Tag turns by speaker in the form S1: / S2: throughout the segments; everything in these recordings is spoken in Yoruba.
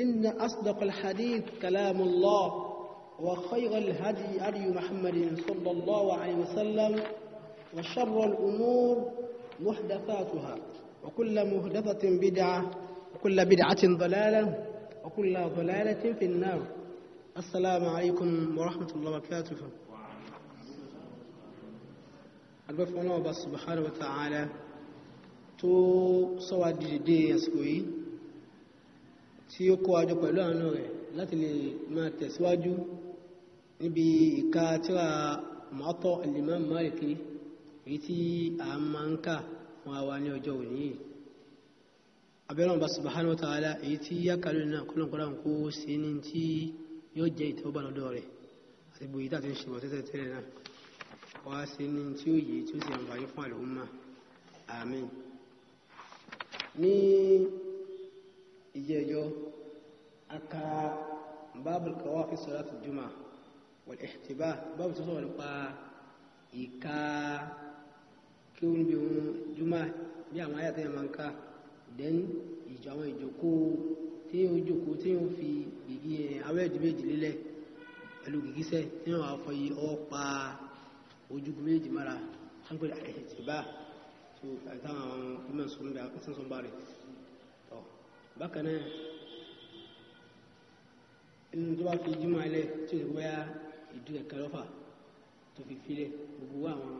S1: إن أصدق الحديث كلام الله وخير الهدي أري محمد صلى الله عليه وسلم وشر الأمور محدثاتها وكل محدثة بدعة وكل بدعة ضلالة وكل ضلالة في النار السلام عليكم ورحمة الله وبركاته أدوف الله سبحانه وتعالى تو سوى دي دي tí ó kó àjọ pẹ̀lú àánú rẹ̀ láti lè máa tẹ̀síwájú níbi ìka tíra mọ́tọ́ al-Imam Maliki èyí tí a máa ń kà fún àwa ní ọjọ́ òní yìí abẹ́rẹ́ ọba subhanahu wa ta'ala èyí tí yákàlú náà kọ́lọ̀kọ́lá ń kó sí ní tí yóò jẹ́ ìtẹ́wọ́bà lọ́dọ̀ rẹ̀ àti gbogbo ìdá tí ń ṣe tẹ́tẹ́ tẹ́lẹ̀ náà wá sí ní tí ó yìí tí ó sì àǹfààní fún àlùmọ́ àmín ìjẹ́jọ́ aka báàbù kọwàá fi sọ́lá tó jùmọ̀ wọ̀lẹ̀ ìtìbá báàbù tó sọ̀rọ̀ nípa ìka kí ó ń bí ohun jùmọ̀ bí àwọn ayàtọ̀ yẹn máa ń ká dẹ́n ìjọ àwọn ìjókòó tí yóò jókòó tí yóò fi gègé awẹ́ ìdí méjì lélẹ̀ pẹ̀lú gègésẹ̀ tí yóò wá fọyí ọwọ́ pa ojúgun méjì mara wọ́n pè é àìsèbá tó àìsàn àwọn ọmọ ìsọ̀nbà rẹ̀ bákan náà inú tó bá fi jùmọ̀ alẹ́ tí ó bá ìdú ẹ̀ka lọ́fà tó fi filẹ̀ gbogbo àwọn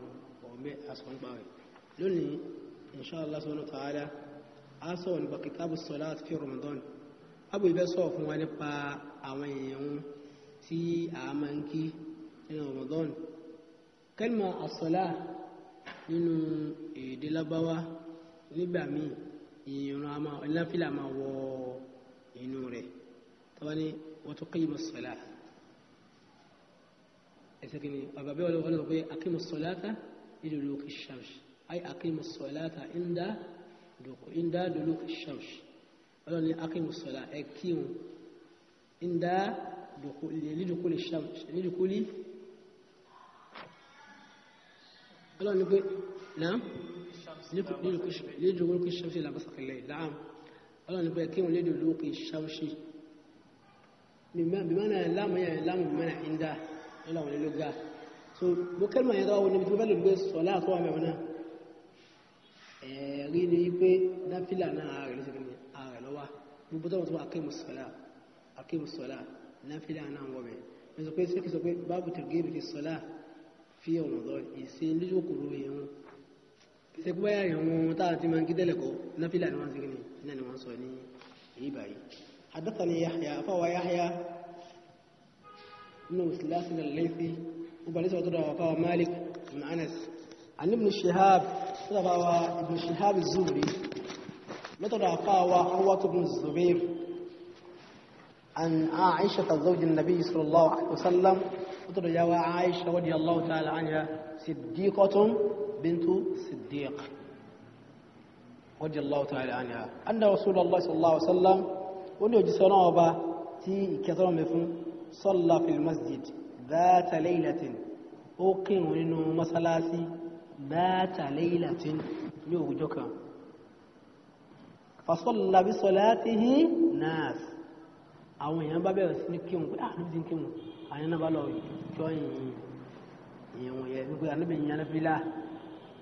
S1: ọ̀mẹ́ asọ̀npa rẹ̀ lónìí inṣọ́lá sọ́nà tààdá a sọ nípa kìtàbù sọ́lá àti fi Ramadan abu ibẹ̀ sọ fún wa nípa àwọn èèyàn tí a máa ń kí nínú Ramadan kẹ́lìmọ̀ àsọ̀lá nínú èdè lábáwá nígbà míì ìrun àmà ìlànfìlà máa wọ inú rẹ̀ tọ́wọ́ ní wọ́n tó kéyìí mọ̀sọ̀lá ẹ̀sẹ̀ kìíní bàbá bẹ́ẹ̀ wọ́n lọ́wọ́ pé akéyìí mọ̀sọ̀lá ta ìlú lókè ṣàmṣ ayé akéyìí mọ̀sọ̀lá ta ìndá lókè ṣàmṣ ọlọ́run ní akéyìí mọ̀sọ̀lá ẹ̀ kíhun ìndá lídùkúlì lédò olókè ṣamṣi làbásàkìlẹ̀ ìdáhàm ọlọ́run nípa kí wọ́n lédò olókè ṣamṣi bìmọ́nà láàmù yẹn láàmù bìmọ́nà ìndá ọlọ́run ló ga so mo kẹ́lùmọ̀ yẹn tọ́wọ́ níbi tí wọ́n fẹ́ lò gbé sọ̀lá àtọ́wọ́ mẹ́wọ́n náà ẹ̀rí ni pé náfìlà náà ààrẹ ló ti fi ààrẹ lọ́wọ́ gbogbo tọ́wọ́ tó wà akéwù sọ̀lá náfìlà náà wọ̀ bẹ̀ mo sọ pé sẹ́kì sọ pé báàbù tẹ̀gẹ́ mi ọ̀nà lọ ìsìn lójú òkúrò yẹn kìsẹ́ pé báyà ìhun tá a ti máa ń kí náfìlà ni wọ́n ń segin ní iná wọ́n sọ ní èyí báyìí حدثني يحيى فهو يحيى بن سلاسل الليثي وبلس فهو مالك بن انس عن ابن الشهاب فهو ابن الشهاب الزهري مثل فهو عروة بن الزبير عن عائشة زوج النبي صلى الله عليه وسلم مثل يا عائشة رضي الله تعالى عنها صديقة بنت صديق رضي الله تعالى عنها أن رسول الله صلى الله عليه وسلم أن يجسنا وبا تي كثيرا مفهوم صلى في المسجد ذات ليلة أقيم إنه مسلاسي ذات ليلة يوجوكا فصلى بصلاته ناس àwọn èèyàn bá bẹ̀rẹ̀ sí ní kírun pé ah níbi tí ń kírun àwọn èèyàn náà bá lọ jọ ìyẹn wọ̀nyẹn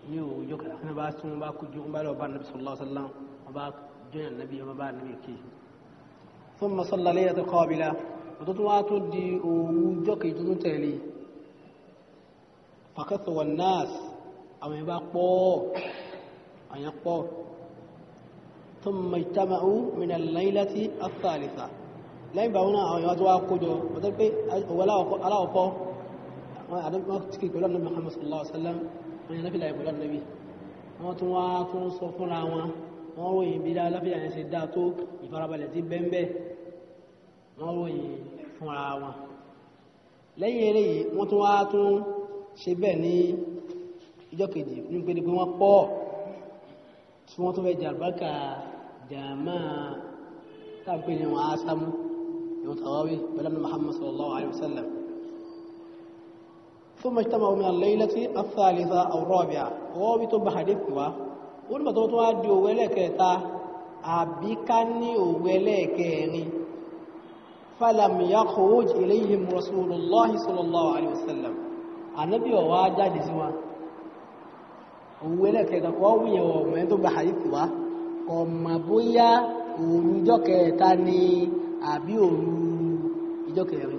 S1: ní òwúrọ̀ kan ní bá sún bá kú jù bá lọ bá nàbí sallallahu alaihi wasallam ọba jọyàn nàbí ọba bá nàbí kí fún masallalẹ́ yàtọ̀ kọ́bílá ọ̀tọ́ tó wá tó di òwúrọ̀ kejì tó tún tẹ̀lé fàkàtọ̀ wọn nas àwọn ìbá pọ̀ àyàn pọ̀ tó mẹ́tàmà ó mìnà láìláti àfàlìfà lẹ́yìn bá wọn àwọn ìwájú wa kójọ wọ́n tẹ́ pé aláwọ̀kọ́ wọ́n àdébọ́ tí kìí pẹ̀lú ọ̀nà Muhammad sallallahu alaihi wasallam wọ́n yẹn náfìlà ìbọ̀lá nàbí wọ́n tún wá tún sọ fúnra wọn wọ́n ròyìn bí náfìlà yẹn ṣe dáa tó ìfarabalẹ̀ ti bẹ́ńbẹ́ wọ́n ròyìn fúnra wọn lẹ́yìn eléyìí wọ́n tún wá tún ṣe bẹ́ẹ̀ ní ìjọ kejì ní pé pé wọ́n pọ̀ tí wọ́n tún fẹ́ jàbákà jàmá táàpé ni wọ́n á sámú ìwọ̀n tàwáwí pẹ̀lú Muhammad sallallahu alaihi wasallam ثم اجتمعوا من الليلة الثالثة أو الرابعة وابتوا بحديثوا ولما توتوا دي ولكتا àbí ká ní òwe ẹlẹ́ẹ̀kẹ́ẹ̀rin falam yakhruj ilayhim rasulullahi sallallahu alaihi wasallam anábí ọ̀wá jáde sí wọn òwe ẹlẹ́ẹ̀kẹ́ẹ̀ta kọ́ wíyàn ọmọ ẹ̀ tó gba hadith wá ọmọ bóyá òru ìjọ kẹta ni àbí òru ìjọ kẹrin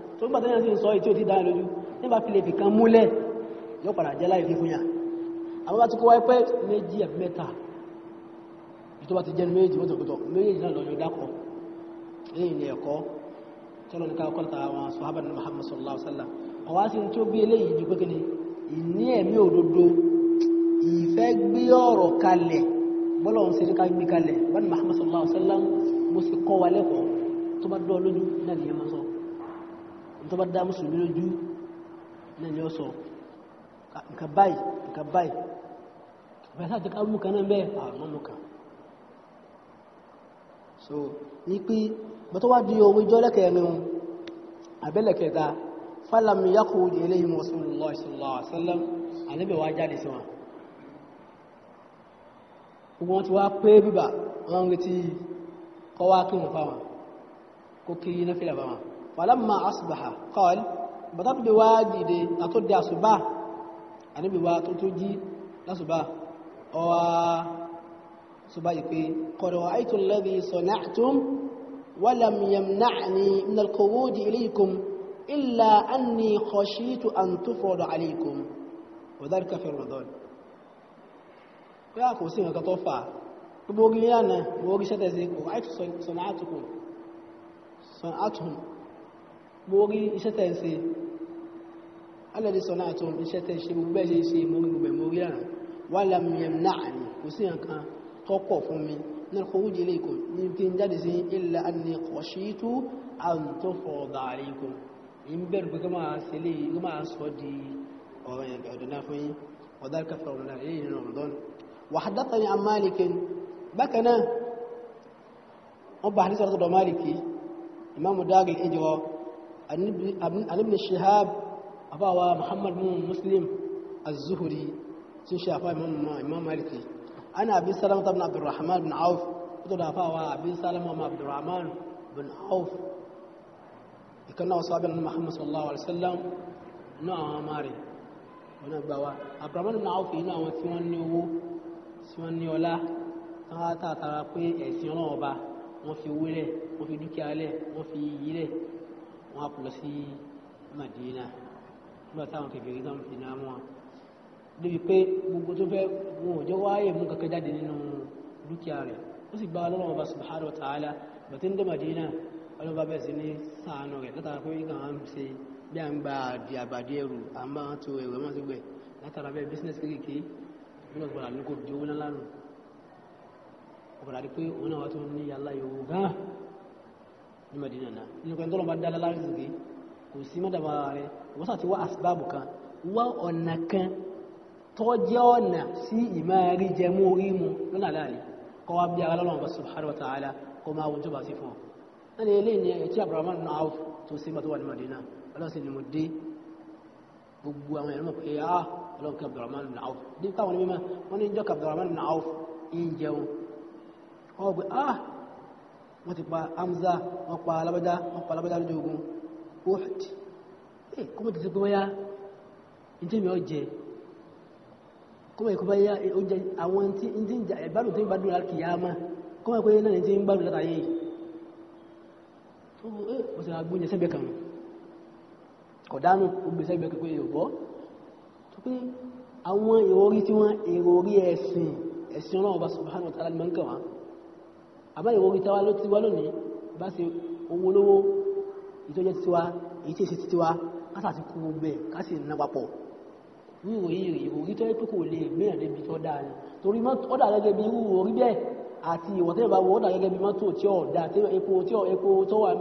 S1: so gbàtà yẹn sì ń sọ èyí tí ò ti dáa lójú nígbà fi lè fi kan múlẹ̀ yóò padà jẹ́ láì fi fún yà àwọn bá ti kó wáyé pé méjì àbí mẹ́ta tó bá ti jẹ́ méjì wọ́n tọ̀kọ̀tọ̀ méjì náà lọ́yọ̀ dákọ̀ lẹ́yìn ní ẹ̀kọ́ tọ́lọ̀ ní káàkọ́ ta àwọn sọ́hábà ní Muhammad sallallahu alaihi wasallam ọwá sí tó bí eléyìí ju pékele ìní ẹ̀mí òdodo ìfẹ́ gbé ọ̀rọ̀ kalẹ̀ bọ́lọ̀ ń ṣeré ká gbé kalẹ̀ bá ní Muhammad sallallahu alaihi wasallam mo sì kọ́ wa lẹ́kọ̀ọ́ tó bá dọ́ lójú náà nìyẹn máa sọ tó bá dá mùsùlùmí lójú náà ni ó sọ nǹkan báyìí nǹkan báyìí bẹ́ẹ̀ sáà jẹ́ ká mú kan náà bẹ́ẹ̀ àmọ́ ah, mú kan so ní pé bọ́tọ́ wá di owó ijọ́ lẹ́kẹ̀ẹ́rin abẹ́lẹ̀kẹta fálàmì yaqud ilayhim rasulullah sallallahu alaihi wasallam ànábì wá jáde sí wọn gbogbo wọn ti wá pé bíbà wọn retí kọwá kí wọn fáwọn kó kí náfìlà fáwọn فلما أصبح قال بدأت بواجد أتود أصبح أنا بواتوتوجي لأصبح أو صبح يقول قد رأيت الذي صنعتم ولم يمنعني من القعود إليكم إلا أني خشيت أن تفرض عليكم وذلك في رمضان يا كوسين كتوفى بوغيانا بوغي شتزي وعيت صنعتكم صنعتهم mo rí iṣẹ́ tẹ̀ ń ṣe alẹ́dí sọ náà tó iṣẹ́ tẹ̀ ṣe mo bẹ́ẹ̀ ṣe ṣe mo rí gbogbo mo rí àrùn wà lámì ẹ̀m náà ni kò sí nǹkan tọ́kọ̀ fún mi náà kò wújẹ ilé ikọ̀ ní kí n jáde sí illa anni khashitu an tufrada alaykum ń bẹ̀rù pé kí máa ṣe lè kí máa sọ di ọ̀rọ̀ yẹn ọ̀dọ̀ alibin shihab abawa muhammad mun muslim az-zuhuri sun shafa imam maliki ana abin salama ta bin abdurrahman bin auf ito da fawa abin salama ma abdurrahman bin auf ikanna wasu abin muhammad sallallahu alaihi wasallam na àwọn mari wọn agbawa abdurrahman bin auf yìí na àwọn tí wọ́n ní owó tí wọ́n ní ọlá tán á tààtàrà pé ẹ̀sìn ọlọ́wọ́ fi owó lẹ̀ fi dúkìá lẹ̀ wọ́n fi iyì lẹ̀ wọ́n kú lọ sí Madina nígbà táwọn kèfèrí náà fi náà wọn débi pé gbogbo tó fẹ́ wọn ò jẹ́ wáyé mú kankan jáde nínú dúkìá rẹ̀ ó sì gbá lọ́wọ́ ọba subhanahu wa ta'ala bàtí ń dé Madina ọlọ́run bẹ̀rẹ̀ sí ní sàánú rẹ̀ látara pé nígbà wọn ṣe bí à ń gba àdì àbàdì ẹrù à ń bá wọn tó ẹrù ẹ gbẹ látara bẹ́ẹ̀ bísínẹ́sì kékeré nígbà tó ní kò di owó ńlá lánàá pé òun náà wà tó ní yàrá yòówù gan ní Madina náà nínú pẹ̀lú tọ́lọ́mà dá lálá rìsìkì kò sí mẹ́dàbà rẹ̀ wọ́n sàti wá asbábù kan wá ọ̀nà kan tó jẹ́ ọ̀nà sí ìmá rí jẹ mú rí mu lọ́nà láàrin kọ́ wá bí ara lọ́lọ́mà subhanahu wa ta'ala kọ́ máa wùjọba sí fún ọ ẹni ilé ni ẹ̀tí Abdurrahman náà áwù tó sí mẹ́tọ́ wà ní ah, Madina wọ́n ti pa amza wọ́n pa alábádá wọ́n pa alábádá lójú ogun Uhud ẹ̀ kọ́mọ ti ti pé wáyá ìtẹ́mi ọjẹ́ kọ́mọ ìkọ́bá yá oúnjẹ àwọn tí ń jà ìgbádùn tí ń gbádùn láti kìyà máa kọ́mọ ìkọ́ yẹn náà tí ń gbádùn látàyè eh, ó sì agbóúnjẹ sẹ́gbẹ̀ kan kọ̀dánù gbogbo sẹ́gbẹ̀ kan pé yóò tó pé àwọn ìròrí tí wọ́n ìròrí ẹ̀sìn ẹ̀sìn ọlọ́run ọba subhanahu wa ta'ala ni mọ́ ń kàn àbáyé owó ìtawà ló ti wá lónìí bá ṣe owó olówó ìtọ́jẹ́ ti wa èyí tí èsì ti wa kásà ti kú gbogbo ẹ̀ kásì ná papọ̀ ní ìwòye ìròyìn ìwòrí tó yẹ pé kò lè mẹ́rin débi tó dáa ni torí ọ̀dà gẹ́gẹ́ bí irú orí bẹ́ẹ̀ àti ìwọ̀n tẹ́lẹ̀ bá wọ ọ̀dà gẹ́gẹ́ bí mọ́tò tí ò dáa tí epo tí ò epo tó àwọn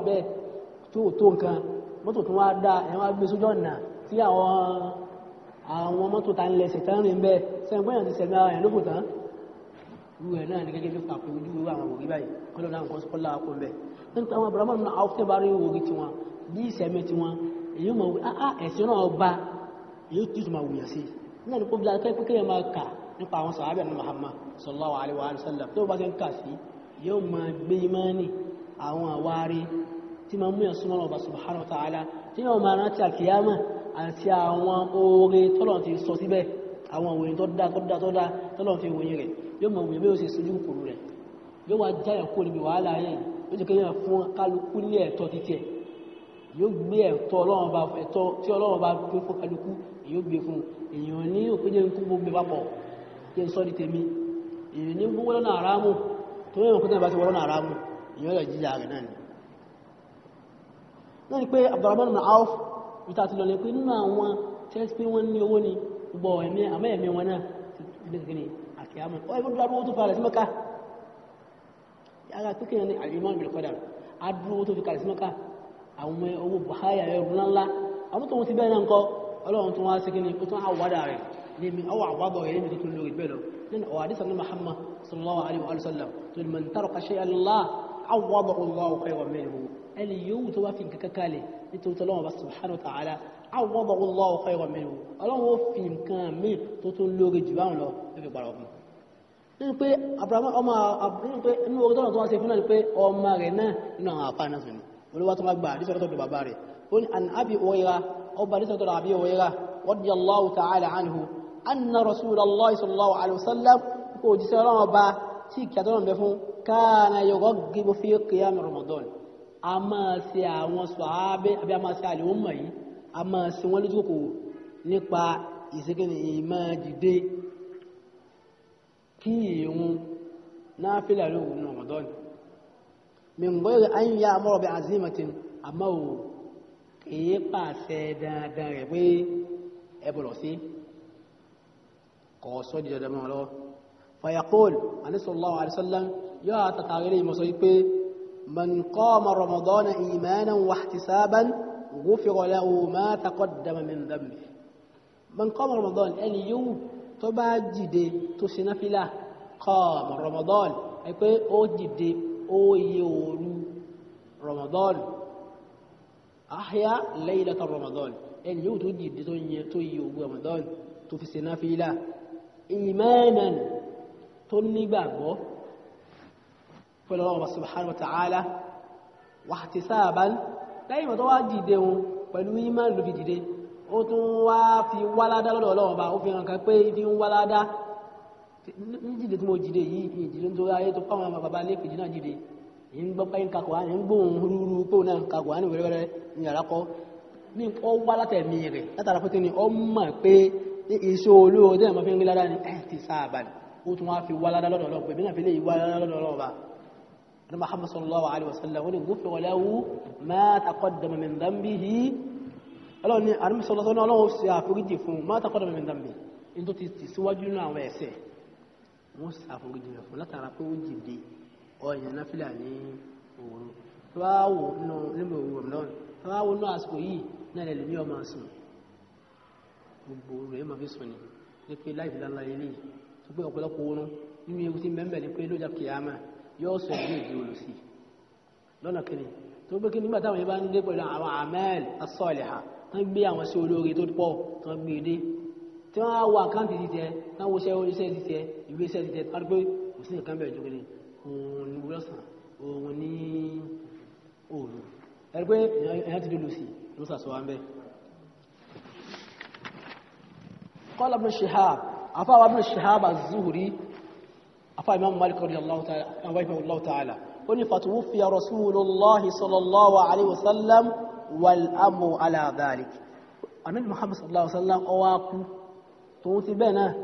S1: mọ́tò ta ń bẹ́ẹ̀ sẹ́yìn gbọ́yàn ti sẹ̀mí irú ẹ̀ náà ní gẹ́gẹ́ bí pàpẹ ojú irú àwọn òwúrí báyìí kọ́lọ́ náà nǹkan sọ́lá akọ bẹ̀ nípa àwọn abúrámọ̀ náà àwọn tẹ́ bá rí òwúrí tiwọn bí ìsẹ̀mí tiwọn èyí mọ̀ ah, ah, ẹ̀sìn náà ọba èyí tí ìtumọ̀ ní kóbi láti ní Muhammad sallallahu alaihi wa sallam tó bá ti ń kà sí yóò máa gbé imáni àwọn àwárí subhanahu wa ta'ala tí yóò máa rántí àkíyámà àti àwọn oore tọ́lọ̀ ti sọ síbẹ̀ àwọn òwe tó yóò mọ̀ wùyẹ̀ bí ó ṣe sojú kòrò rẹ̀ yóò wá jáyà kó níbi wàhálà ayé yóò jẹ́ kéyàn fún kálukú ní ẹ̀tọ́ títẹ̀ yóò gbé ẹ̀tọ́ tí Ọlọ́run bá pé fún kálukú yóò gbé fún èèyàn ní òpínlẹ̀ ikú gbogbo papọ̀ kí n sọ ní tèmi èèyàn ní gbogbo lọ́nà àrámù tó yẹ̀wọ̀n kúndà bá ti wọ́n àrámù èèyàn lọ jíjà rẹ̀ náà ni náà ni pé Abdurrahman na Auf ìta ti lọ ní pé nínú àwọn tẹ́sí pé wọ́n ní owó ni gbọ́ ẹ̀mí àmọ́ ẹ̀mí wọn náà kìámà ọ ẹgbẹ́ dúró owó tó falẹ̀ sí mọ́ká yára pé kéèyàn ní àlùmọ́ ìbìlẹ̀ kọ́dà á dúró owó tó fi kalẹ̀ sí mọ́ká àwọn owó buhari ayọ̀ ìrùn ńlá àwọn tó wọn ti bẹ́ẹ̀ náà ń kọ́ ọlọ́run tó wá sí kí ni ó tún àwàdà rẹ̀ lémi ọwọ́ àwàbọ̀ rẹ̀ lémi tó tún lórí bẹ́ẹ̀ lọ nínú ọ̀wà àdìsàn ní Muhammad sallallahu alaihi wa sallam tó ní man taraka shay'an lillahi àwàbọ̀ fi nǹkan kalẹ̀ tó tún lórí jù báwọn lọ ẹgbẹ̀ gbàrọ̀ nínú pé ọmọ nínú pé inú orí tọ́nà tó wá sí fún náà pé ọmọ rẹ̀ náà nínú àwọn àpá náà sínú olówó tó wá gbà àdísọ́tọ̀ tó bàbá rẹ̀ ó ní an abi òwúrẹ́ra ọba àdísọ́tọ̀ àbí òwúrẹ́ra wọ́dí ta'ala anhu anna rasulallah sallallahu alaihi wasallam kò jíṣẹ́ ọlọ́run ọba tí kí atọ́nà bẹ fún káàna yọgọ́ gígbó fi qiyam ramadan a máa ṣe àwọn sàábé àbí a máa ṣe àlè wọ́n mọ̀ yìí a máa ṣe wọ́n lójú kòkòrò nípa ìṣègbè ìmọ̀ dìde كيوم نافلة له من رمضان من غير أن يأمر بعزيمة أما هو كيبا سيدا داربي أبلوسي قوصو دي جدا فيقول أن صلى الله عليه وسلم يا تتعغيري مصيبي من قام رمضان إيمانا واحتسابا غفر له ما تقدم من ذنبه من قام رمضان أن يوب tó bá dìde tó ṣe náfìlà kọ́ọ̀mù rọmọdọ́ọ̀lù ẹ pé ó dìde ó yẹ òru rọmọdọ́ọ̀lù ahya laylata rọmọdọ́ọ̀lù ẹni yóò tó dìde tó yẹ tó yẹ òru rọmọdọ́ọ̀lù tó fi ṣe náfìlà imanan tó nígbàgbọ́ pẹ̀lú ọlọ́wọ́ subhanahu wa ta'ala ó tún wá fi wáládá lọ́dọ̀ ọlọ́run ọba ó fi hàn kan pé ibi ń wáládá ń jìde tí mo jìde yìí ìjìde nítorí ayé tó pàwọn bàbá lẹ́kùnjì náà jìde yìí ń gbọ́ pé ń kakọ̀ á ní ń gbóhùn rúurú pé òun náà ń kakọ̀ á ní wẹ́rẹ́wẹ́rẹ́ ní yàrá ní ọ wá látẹ̀mí rẹ̀ látara pé ní ọ mọ̀ pé iṣẹ́ olóore tí fi ń rí ládá ni ẹ̀ ti ó tún wá fi wá ládá lọ́dọ̀ ọlọ́pẹ́ ọlọ́run ní àrímísọ́lọ́sọ́ náà ọlọ́run ṣe àforíjì fún un máa tàkọ́dọ̀ mẹ́rin dàmbì ní tó ti tì síwájú nínú àwọn ẹ̀ṣẹ̀ wọ́n ṣe àforíjì rẹ̀ fún látara pé ó jìde ọ̀yàn náfìlà ní òru tó bá wò nínú nígbà òru ramadan tó bá wò nínú àsìkò yìí náà lè lómi ọmọ sùn gbogbo rẹ̀ máa fi sùn ni ní pé láì fìlà ńlá ilé tó pé ọ̀pọ̀lọpọ̀ oorun nínú ewu tí mẹ́mẹ́ ni pé lójà kìyàmá yóò sọ ìlú èdè olùsí lọ́nà kìnnì tó gbé kí nígbà táwọn yẹn bá ń dé pẹ̀lú àwọn àmẹ́ẹ̀lì asọ́ọ̀lì ha wọ́n gbé àwọn sí olóore tó pọ̀ tán gbé dé tí wọ́n á wọ àkáǹtì títẹ tán wo iṣẹ́ oríṣẹ́ títẹ ìwé iṣẹ́ títẹ tán pé kò sí nǹkan bẹ̀rẹ̀ jókòó ni òun lọ́sàn òun ní òòrùn ẹni pé èèyàn ti dúró sí ló sàṣọ wa ń bẹ. qala ibn shihab afa wa ibn shihab az-zuhri imam malik radiyallahu ta'ala anhu wa ta'ala ó ní fatuwufiya rasulullahi sallallahu alaihi wasallam والأمر على ذلك النبي محمد صلى الله عليه وسلم أواكو تونتي بنا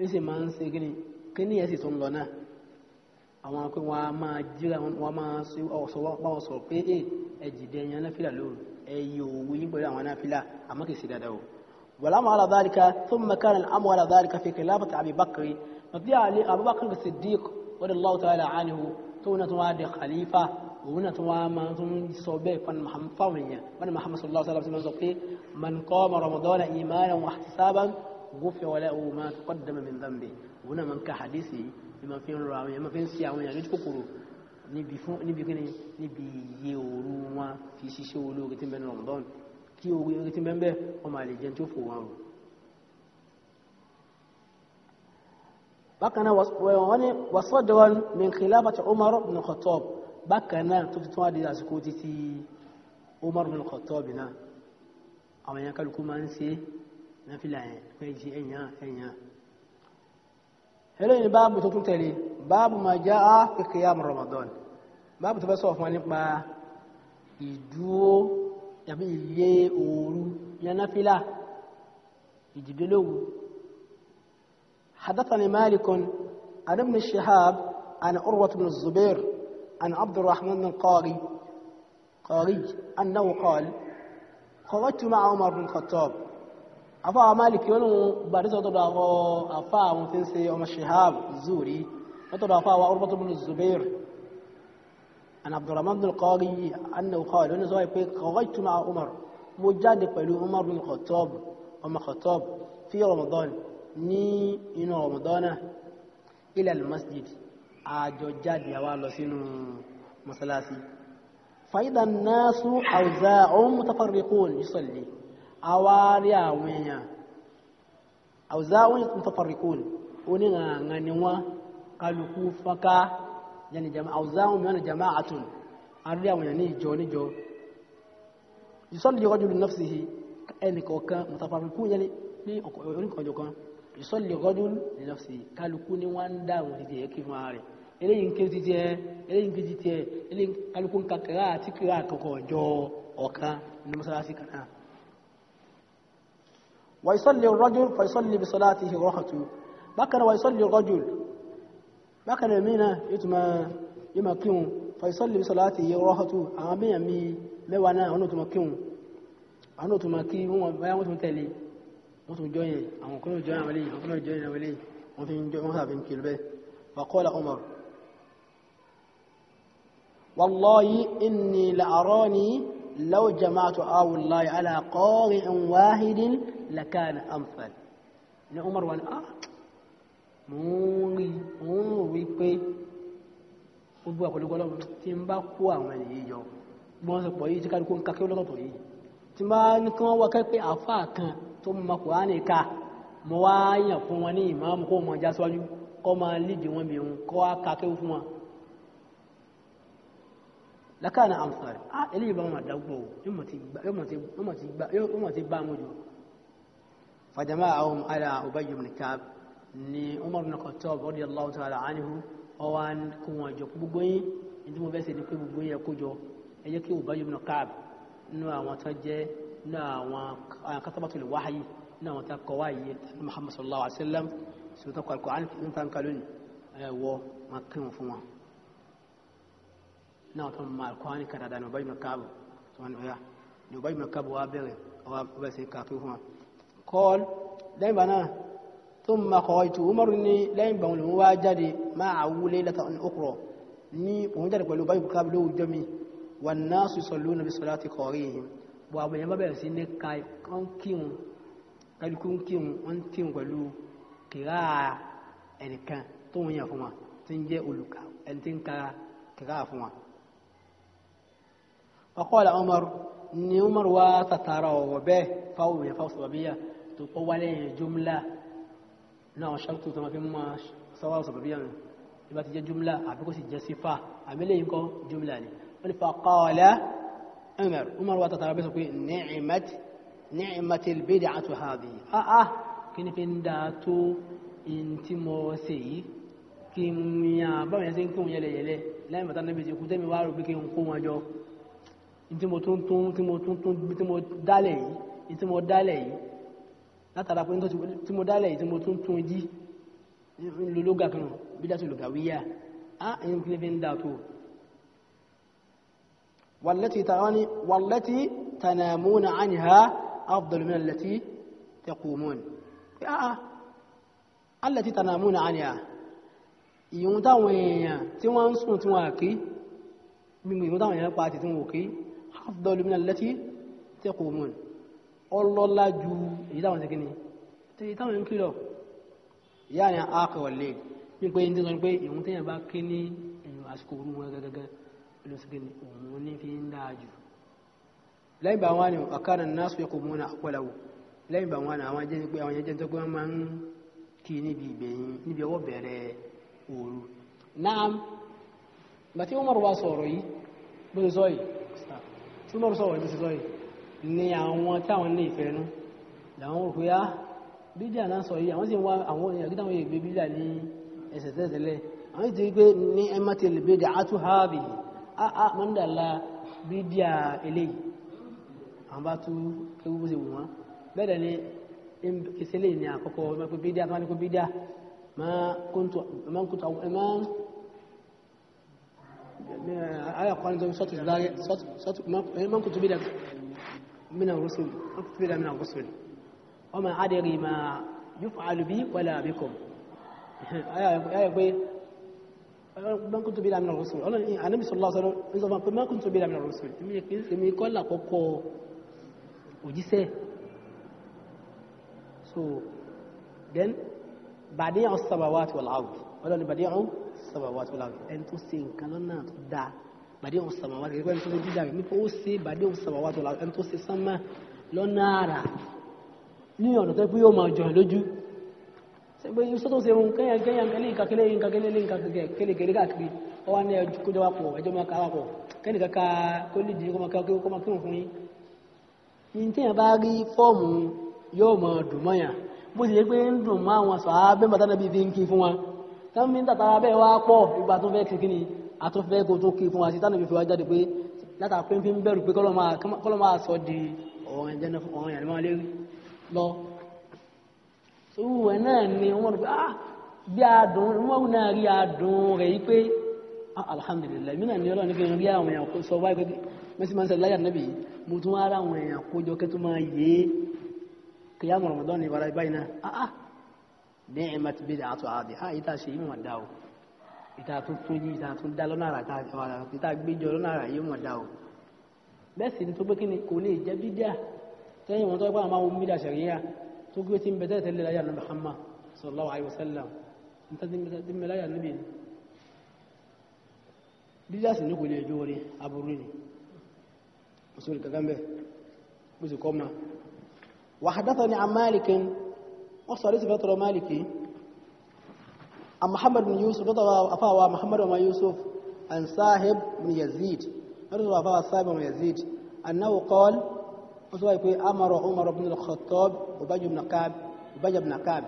S1: إسي من سيكني كني يسي تنلنا أواكو وما جيلا وما سيو أو wọn a máa báwọn إيه أجدين ينا فيلا ẹ̀yàn أيو lóru ẹ̀yẹ òwú فيلا أما كي سيدا دو والأمر على ذلك ثم كان الأمر على ذلك في خلافة أبي بكر رضي الله أبو بكر الصديق رضي الله تعالى عنه تونة وادي خليفة òun náà tó wá máa tún sọ bẹ́ẹ̀ fáwọn èèyàn wọn Muhammad sallallahu alaihi wasallam sọ pé man qama Ramadana imanan wa ihtisaban ghufira lahu ma taqaddama min dhanbi òun náà máa ń ka hadisi ni máa fi rọ àwọn èèyàn máa fi ń ṣe àwọn èèyàn lójú kòkòrò níbi fún níbi kíni níbi iye òru wọn fi ṣiṣẹ́ olóore tí ń bẹ ní Ramadan kí oore tí ń bẹ ń bẹ wọn máa lè jẹun tí fò wọn o. bákan náà wọ́n ní wasọ́dọ̀ min khilafati Umar ibn Khattab bákan náà tó fi tún wá di àsìkò títí Umar bin Khattab náà àwọn èèyàn kálukú máa ń ṣe náfìlà yẹn pé jí ẹ̀yàn ẹ̀yàn eléyìí báàbù tó tún tẹ̀lé báàbù máa já á kékeré حدثني مالك عن ابن الشهاب عن عروة بن الزبير عن عبد الرحمن بن قاري قاري أنه قال خرجت مع عمر بن الخطاب أفا مالك يونو بارزة تبعه أفا متنسي يوم الشهاب الزوري وتبع أفا وأربة بن الزبير عن عبد الرحمن بن القاري أنه قال أنا بيت خرجت مع عمر مجاند بلو عمر بن الخطاب وما خطاب في رمضان ني إنو رمضان إلى المسجد àjọ jáde àwa lọ sínú mọ́sálásí fàídà náàsù àwùzá àwọn mutafarriqun yusalli àwárí àwọn èèyàn àwùzá àwọn mutafarriqun oníhàngà ni wọ́n kálukú fọ́ká yẹni jama àwùzá àwọn mìíràn jama'atun àrí àwọn èèyàn ní ìjọ níjọ yusalli rajulu nafsihi ẹnì kọ̀ọ̀kan mutafarriqun yẹni ní oníkọ̀ọ̀jọ̀kan yusalli rajulu nafsihi kálukú ni wọ́n ń ìdíyẹ kí wọ́n rẹ̀ eléyìí ń ké títí ẹ eléyìí ń ké títí ẹ eléyìí kálukú ń ka kẹrà àti kẹrà àkọ́kọ́ ọjọ́ ọ̀kan ní mọ́sálásí kan náà wàísọ́lì rọ́jùl fàísọ́lì bí sọ́lá ti rọ́kàtù bákan wàísọ́lì rọ́jùl bákan mìíràn yóò ma kíhun fàísọ́lì bí sọ́lá ti rọ́kàtù àwọn mìíràn mi mẹ́wàá náà wọn ò tún ma kíhun àwọn ò tún ma kí wọn báyá wọn tún tẹ̀lé wọn tún jọyìn àwọn kúrò jọyìn àwọn eléyìí àwọn kúrò jọyìn àwọn eléyìí wọn tún jọyìn wọn sàfihàn kìlú bẹ́ẹ̀ wàkọ́lá Umar والله إني لأراني لو جمعت آو الله على قارئ واحد لكان أمثل لعمر وانا موري موري بي أبو أقول لك الله تنبا قوة من يجو بوانسا قوية تكاد كون كاكي ولا تطوي تنبا نكما وكاكي أفاك ثم قواني كا مواني قواني إمام قوما جاسواجو قوما لدي ومبيون قوة كاكي وفوان lakana amsari ah eléyìí bá wọn àdágbò yóò mọ̀ ti bá mojú fàjàmá àwọn ala Ubayy ibn Ka'b ni Umar ibn Khattab radiyallahu ta'ala anhu ọwá kó wọn jọ gbogbo yín ní tí mo fẹ́ ṣe ni pé gbogbo yín ẹkó jọ ẹ jẹ́ kí Ubayy ibn Ka'b nínú àwọn tó jẹ́ nínú àwọn katabatul wahyi nínú àwọn tó kọ wáyé Muhammad sallallahu alaihi wasallam sọ̀tọ̀ kọ̀ọ̀kọ̀ ànífẹ́ ń tán kalóni ẹ̀wọ̀ máa kírun fún wọn náà tó ma alkọ́ni kàdàdà ní ọba ìmọ̀káàbù wọn ọ̀yá ní ọba ìmọ̀káàbù wa bẹ̀rẹ̀ ọba ọba sí kàfí fún wa kọ́ọ̀l lẹ́yìn bá náà tó ma kọ́ ìtù umaru ní ni bá wọn wá jáde máa àwúlé lẹ́ta ọkùrọ̀ ní òun jáde pẹ̀lú ọba ìmọ̀káàbù lówù jọ mi wà náà sì sọ lónà bí sọlá ti kọ̀rí yìí bọ̀ àbẹ̀yẹ bá bẹ̀rẹ̀ sí ní kíhun kálukú kíhun wọn kíhun pẹ̀lú kìrá ẹnìkan tó ń yàn fún wa tí ń jẹ́ olùkà ẹni tí ń ka kìrá fún فقال عمر ni umar wa tatara wa bẹ́ẹ̀ fáwọn èèyàn fáwọn sọ̀bàbíyà tó kọ́ wálé jùmlá náà ṣàkóso tó ma fi mọ́ sọ́wọ́ sọ̀bàbíyà mi ìbá ti jẹ́ jùmlá àbí kò sì jẹ́ sífà àmìlẹ̀ yìí kọ́ jùmlá ni wọ́n ni fàkọ́ọ̀lá umar umar wa tatara bẹ́ẹ̀ sọ pé ni'imat ni'imat albida atu hadi ah ah kí ni fi ń da tó in tí mo ṣe yìí kí n yàn báwọn yẹn ṣe ń kí wọn yẹlẹyẹlẹ lẹ́yìn bàtà nàbẹ̀sẹ̀ kú tẹ́mi wá rò pé kí n kó wọn jọ tí mo tún tún tí mo tún tún tí mo dálẹ̀ yìí tí mo dálẹ̀ yìí látara pé tí mo dálẹ̀ yìí tí mo tún tún jí lólógà kan bí dátù lògàwíyà á ẹ̀yìn kí lè fi ń dà tó wàlẹ́tì tàwání wàlẹ́tì tànàmúnà àníhà afdọ̀lùmínà lẹ́tì tẹkùmọ́n alẹ́tì tànàmúnà àníhà ìyún táwọn èèyàn tí wọ́n ń sùn tí wọ́n àkí mímú ìyún èèyàn pa àti tí wọ́n òkí afdalu min allati taqumun ọlọ́lá ju èyí táwọn ṣe kí ni tèyí táwọn ń kìlọ̀ ìyá ni àákọ̀ọ́ lè ní pé ní sọ pé ìhun téèyàn bá kí ní ẹ̀yìn àsìkò òru wọn gẹ́gẹ́gẹ́ ló sì kí ni òun ní fi ń dáa jù lẹ́yìn bá wọn ni ọ̀kadà náà sọ ẹ̀kọ́ mọ́nà àpọ̀lẹ̀wò lẹ́yìn bá wọn ni àwọn jẹ́ pé àwọn ń kí níbi ìgbẹ̀yìn níbi ọwọ́ bẹ̀rẹ̀ òru náà bàtí Umar wá sọ̀rọ̀ yìí bó ṣe sọ yìí tí mọ́ sọ̀rọ̀ ìbí sọ ni àwọn táwọn ní ìfẹ́ nú làwọn òkú yá ah, bídíà náà sọ yìí àwọn sì ń wá àwọn èèyàn kíta àwọn èèyàn gbé bídíà ní ẹsẹ̀ tẹ́tẹ́lẹ̀ àwọn sì ti rí pé ní ẹ má ti lè bèdè àtú hábì á má ń dàla bídíà eléyìí àwọn bá tú aya kwan zan sotu zage sotu man kuntu bida min ar-rusul an kuntu bida min ar-rusul wa ma adri ma yuf'alu bi wala bikum aya aya pe man kuntu bida min ar-rusul ona ni anabi sallallahu alaihi wasallam nzo man pe man kuntu min ar mi ki koko òjíṣẹ́ so then badi'u as-samawati wal ard wala ni badi'u samawati wal ardi ẹni tó ṣe nǹkan lọ́nà tó dáa bàdé òun samawati gẹ́gẹ́ ẹni tó ṣe dídà rẹ̀ nípa ó ṣe bàdé òun samawati wal ardi ẹni tó ṣe sánmà lọ́nà àrà ní ọ̀nà tó pé yóò máa jọyìn lójú ṣẹ́gbẹ́ iṣẹ́ tó ṣe ohun kẹ́yàn kẹ́yàn kẹ́lẹ́ ìkàkẹ́lẹ́ ìkàkẹ́lẹ́ ìkàkẹ́lẹ́ kẹ́lẹ́kẹ́lẹ́ káàkiri ọwá ní ẹjọ́ kó jọwọ́ pọ̀ ẹjọ́ máa káwà pọ̀ kẹ́lẹ́ kàkà kó lè dín kó máa kí wọ́n fún yín yín tí yàn bá rí fọ́ọ̀mù yóò máa dùn mọ́yàn bó ṣe pé ń dùn mọ́ àwọn sọ abẹ́ mọ́tánà bíi fi ń kí fún wọn tánmí tàtàrà bẹ́ẹ̀ wá pọ̀ ìgbà tó fẹ́ kìkì ni àtúnfẹ́ kò tó kí fún wa sí tánàbí fi wá jáde pé látà pé fi ń bẹ̀rù pé kọ́lọ́ máa sọ di ọ̀rọ̀ ìjẹ́nà ọ̀rọ̀ ìyànlẹ́ máa lérí lọ sówúwẹ̀ ah, ah alhamdulillah mí ni ọlọ́run fi rí àwọn èèyàn sọ wáyé pé mẹ́sì máa ń sẹ́lẹ̀ láyà níbi mo tún wá ara ah, ah ni'mat bid'atu adi ha ita ṣe yìí wọ́n dá o ìta tún tún yí ìta tún dá lọ́nà àrà ìta gbéjọ lọ́nà àrà yìí wọ́n dá o bẹ́ẹ̀ sì ni tó pé kí ni kò lè jẹ́ bídíà tẹ́yìn wọn tó pé àwọn ohun bídà ṣẹ̀ríyà tó gbé tí ń bẹ̀tẹ̀ tẹ́lẹ̀ láyà ní Muhammad sallallahu alaihi wasallam ní tẹ́tí ń bẹ láyà níbi ni bídíà sì ni kò lè jó orí aburú ni mo sì rí kankan bẹ́ẹ̀ mo sì kọ́ mọ́ wàhádátọ̀ ni amalikin wọ́n sọ̀rọ̀ ìsìnkú tọrọ Maliki a Muhammad bin Yusuf tó tọrọ afáwa Muhammad bin Yusuf an Sahib bin Yazid wọ́n tọrọ afáwa Sahib bin Yazid annahu qal wọ́n sọ̀rọ̀ pé amara Umar bin al-Khattab Ubay bin Ka'b Ubay bin Ka'b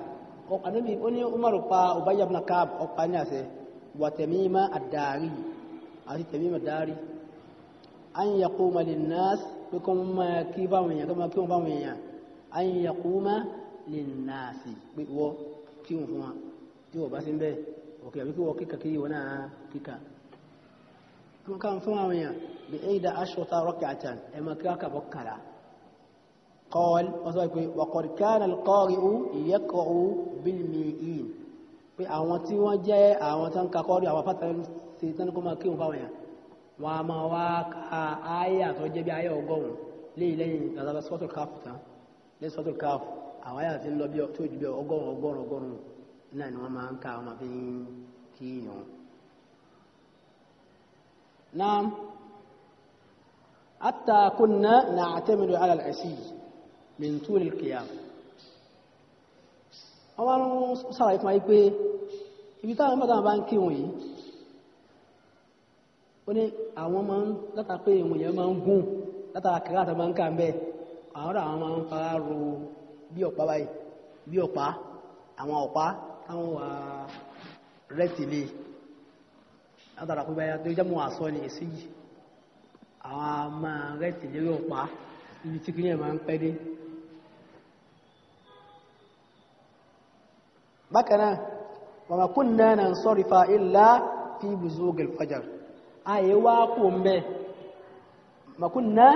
S1: anabi ó ní Umar pa Ubay bin Ka'b ọ̀pá ní àṣẹ wa Tamima ad-Dari àti Tamima ad-Dari an yaquma lin-nas pé kọ́ mọ́ kí báwọn èèyàn kọ́ mọ́ kí wọ́n báwọn èèyàn an yaquma lè nà sí pé wọ́ kí n fún wa tí wọ́n bá sí bẹ́ẹ̀ ọ̀kẹ́ àbí kí wọ́n kíkà kí wọ́n náà kíkà kí wọ́n kàn fún àwọn èèyàn bí ẹ̀yìn dá aṣọ ta àtàn ẹ̀ kí wọ́n kàrà قال وقد كان القارئ يقرأ بالمئين pé àwọn tí lẹ́yìn ìgbàlá káfù tán lẹ́yìn káfù àwọn àyà tí ń lọ bí tó ju bí ọgọ́rùn ọgọ́rùn ọgọ́rùn náà ni wọ́n máa ń ka ọmọ fi ń kí yàn. naam hatta kunna na'tamidu ala al-'ashiy min tul al-qiyam. àwọn sàlàyé fún wa yìí pé ibi táwọn mọ́ta bá ń kírun yìí ó ní àwọn máa ń látà pé ìwọ̀n máa ń gùn látà kìláàtà máa ń kà ń bẹ́ẹ̀ àwọn àwọn máa ń fara ro bí ọ̀pá báyìí bí ọ̀pá àwọn ọ̀pá táwọn wà rẹ́tìlì látara pé báyà tó jẹ́mú àsọ ni èsì yìí àwọn máa rẹ́tìlì lórí ọ̀pá ibi tí kìnìyàn máa ń pẹ́ dé. bákan náà wa ma kunna nansarifa illa fi buzugil fajr àyè wá kò ń bẹ́ẹ̀ ma kunna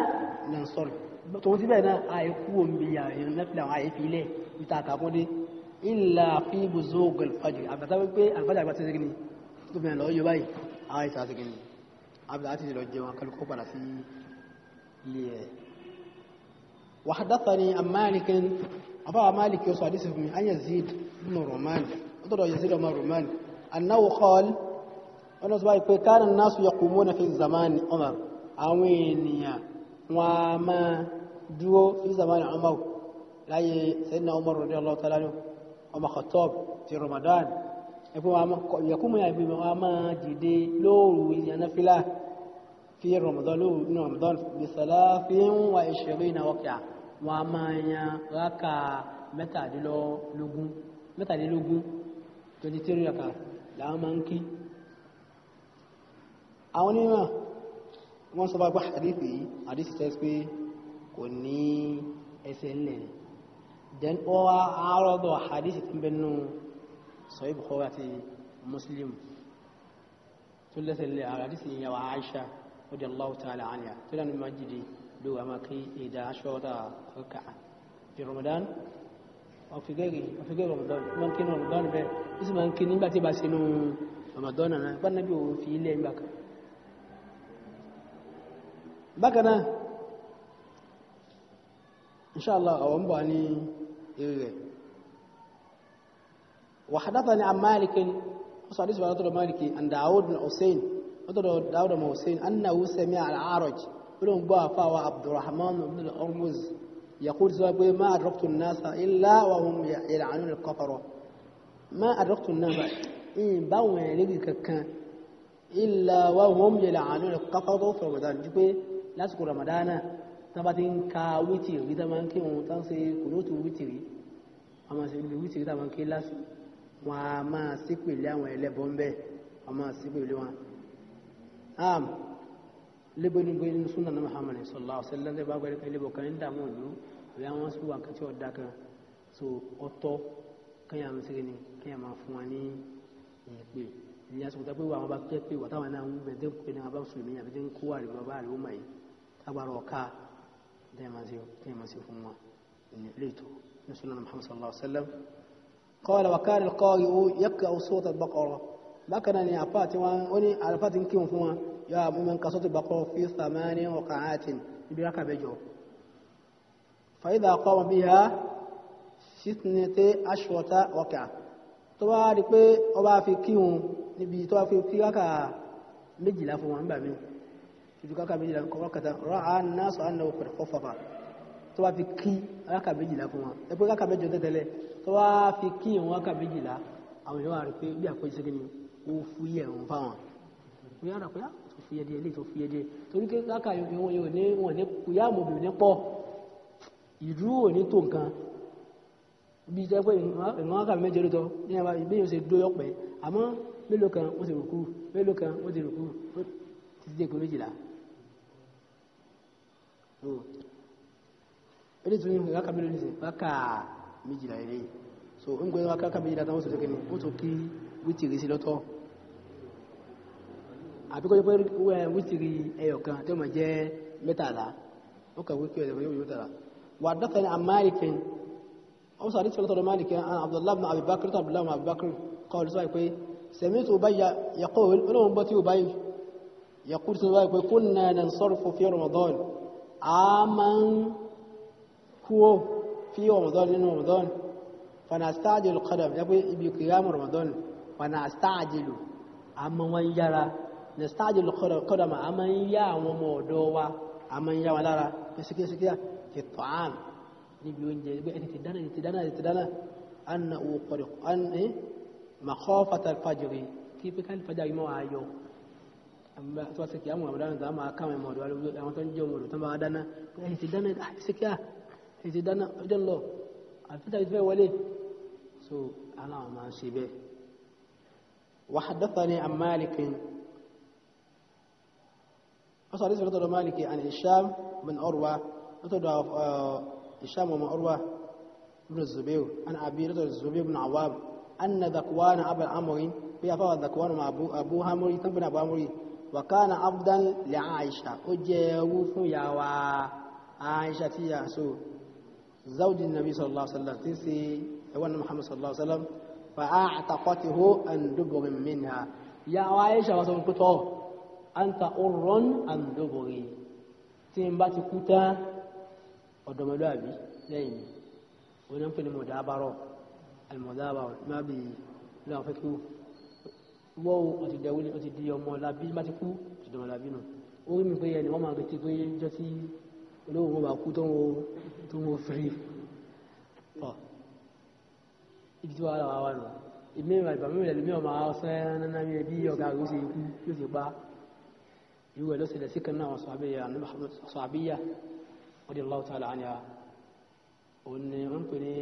S1: nansarifa tòun síbẹ̀ náà àìkú omi àyàn nẹ́fìlà àwọn àyè fílẹ̀ ìta àkàkúndé ìlà fi ibùsùn ògùn ìfàjì àgbàtà wípé àgbàtà àgbà tẹ́sẹ̀ gini tó bẹ̀rẹ̀ lọ yóò báyìí àwọn ìta àti gini أبا مالك يصادس من أن يزيد بن رومان أدرى يزيد بن رومان أنه قال أنا كان الناس يقومون في الزمان عمر أوين wọn a máa dúró fi zamani Umar láyé sayyidina Umar radiyallahu ta'ala anhu ọmọ Khattab ti Ramadan ẹgbẹ́ wọn a máa kọ ìyẹ̀kúnmọ̀ yà gbé wọn a máa dìde lóòrù ìyànnáfílà fi Ramadan lóòrù ní Ramadan bi salafin wa ishirina waqi'a wọn a máa yan ráka mẹ́tàdínlógún mẹ́tàdínlógún twenty three raka làwọn máa ń kí àwọn onímọ̀ wọ́n sọ bá gbá àdífì yìí àdífì tẹ́ pé kò ní ẹsẹ̀ ńlẹ̀ ni then ó wá àárọ̀dọ̀ àdífì tó ń bẹ nínú Sahih Bukhari àti Muslim tó lẹ́sẹ̀ ńlẹ̀ àdífì yìí yàwó Aisha radiyallahu ta'ala anha tó dánú máa jìdí lówó àmà kí ìdá aṣọ ọ̀dà ọ̀kà fi Ramadan ọ̀fìgẹ́rì Ramadan máa ń kí Ramadan bẹ́ẹ̀ ó sì ń kí nígbà tí bá sínú Ramadan náà pàdánù bí òun fi ilé ẹgbà kan bákanáà inṣáàlá àwọn bá ní eré rẹ̀ wà hadáta ni a malikin wasu hadisi ba látọ̀dọ̀ maliki an da'awud na hussein látọ̀dọ̀ da'awud na hussein an na wuce mi al'araj irin gbọ́ fawa abdurrahman ibn al-ormuz ya kúrò zuwa pé ma adrọ́ktun nasa illa wa hum yal'anun al-kafaro ma adrọ́ktun nasa in báwọn yalẹ́gì kankan illa wa hum yal'anun al-kafaro fi ramadan ju pé lásìkò ramadana tábà ti ń ka wítìrì tábà ń kírun tán ṣe kùnúùtù wítìrì àwọn àṣẹlẹ̀ wítìrì tábà ń kí lásì wọn a máa sípèlé àwọn ẹlẹ́bọn bẹ́ẹ̀ wọn máa sípèlé wọn. am lebo ni gbé ní sunan sallallahu alaihi wasallam, sallam lẹ́bàá gbẹ́rẹ́ kan lebo kan ń dààmú òjò ìyá wọn sì wà kàtí ọ̀dà kan so ọ̀tọ̀ kẹ́yà ń sèré ni kẹ́yà máa fún wa ní ìpè ìyá sọ̀tà pé wà wọn bá kẹ́ pé wà táwọn náà ń bẹ̀ tẹ́ pé náà bá sùn mí àbí tẹ́ ń kó àríwá bá àríwá mọ̀ yìí agbára ọ̀ka dẹ́yàmá sí fún wọn lẹ́tọ̀ ní sunan muhammad sallallahu alaihi wasallam qala wa kana al-qa'i'u yaqra'u surat al-baqara bákan náà ni àpá àti wọn ó ní àlùfáà ti ń kírun fún wọn yọ àmú mẹ́rin ka surat al-baqara fi thamani raka'atin níbi rákà bẹ́jọ fa idha qama tó bá fi kí rákà méjìlá fún wọn nígbà ojú káka méjìlá ń kọ́ wákàtà ra'a an-nasu annahu qad khafafa tó wá fi kí aláka méjìlá fún wọn ẹgbẹ́ káka méjìlá tẹ́tẹ́lẹ̀ tó wá fi kí ìwọ̀n káka méjìlá àwọn èèyàn wà rí pé bí àpéjì sẹ́kẹ́ ni ó fúyẹ́ ẹ̀hún fáwọn ó yára pé tó ah, fúyẹ́ díẹ̀ lè tó fúyẹ́ díẹ̀ torí pé káka ìwọ̀n yóò ní wọn ní kúyà mọ̀ bìí ní pọ̀ ìdú ò ní tó nǹkan bí i tẹ́pẹ́ ìwọ̀n káka méjì ló tọ́ ní ẹ̀bá ìbí yóò ṣe dóyọ̀ pẹ́ àmọ́ mélòó kan wọ́n ti rùkú mélòó kan wọ́n ti rùkú títí dé kó méjìlá Hmm. ilé tó ní rákà mélòó nìsẹ̀ rákà méjìlá ilé so ń gbé rákà méjìlá táwọn tó tẹ́kẹ́ ní ó tó kí wítìrí sí lọ́tọ̀ àbíkọ́ jẹ́ pé wítìrí ẹyọ kan tí ó máa jẹ́ mẹ́tàlá ó kà wíkí ọ̀dẹ̀ yóò yóò tàrà wà dáta ní amáríkin ó sọ àdíkì lọ́tọ̀ amáríkin abdullahi ibn abubakar tó abdullahi ibn abubakar kọ́ ọ̀dọ̀ sọ́wọ́ pé sẹ̀mí tó bá yà kó olóhùn bọ́ tí ó báyìí yà kúrò tó báyìí pé kúnnà nà sọ́rọ̀ fún fi ramadan a máa ń kúrò fi Ramadan nínú Ramadan fanastajilu qadam ya pé ibi kìyàmù Ramadan fanastajilu a máa wọ́n yára nastajilu qadam a máa ń yá àwọn ọmọ ọ̀dọ́ wa a máa ń yá wa lára kìsíkìsíkìyà kì tọ́ám níbi oúnjẹ ẹgbẹ́ ẹni ti dáná ti dáná ti dáná anna òkòrò an ní makọ́fàtàlfàjìrì kí pé kálífàjà yìí mọ́ ayọ̀ amba tó ṣe kíyàmù Ramadan za ma kama mo do alu àwọn ton jo mo do tan ba dana e ti dana ah ṣe kíyà e ti dana dan lo àfi ta ife wale so ana ma ṣe bẹ́ẹ̀ wa hadathani an malik أصلا ليس رضي مالك عن هشام بن عروة رضي هشام بن عروة بن الزبير عن أبي رضي الزبير بن عوام أن ذكوان أبا العمري في أفا ذكوان مع أبو هامري تنبنا أبو هامري wàkánà abdan lè àìṣà ó jẹ́ ẹrú fún yàwá àìṣà tí yà so zaujin nabi sallallahu alaihi wasallam tí sí ẹwọ́n na muhammad sallallahu alaihi wasallam fa a àtàkọ́tì hó àndúbùrin minha yàwá àìṣà wọ́n sọ pé má bí lọ́wọ́ fẹ́ wọ́n o ti dẹ̀wé o ti di ọmọ làbí má ti kú ti dọ̀mọ̀ làbí nù ó rí mi pé ẹni wọ́n máa retí pé jọ sí olóòwò wọn bá kú tó ń wo firi ọ ibi tí wàá wà wà nù ìmí ìwà ìbàmí ìrẹ̀lú mi ọmọ ọsẹ nánà mi bí ọ̀gá rẹ̀ ó ṣe ikú yóò ṣe pa irú ẹ̀ ló ṣẹlẹ̀ sí kan náà wọn sọ àbíyá ọdí Allah ta'ala àníyá òun ni wọ́n pè ní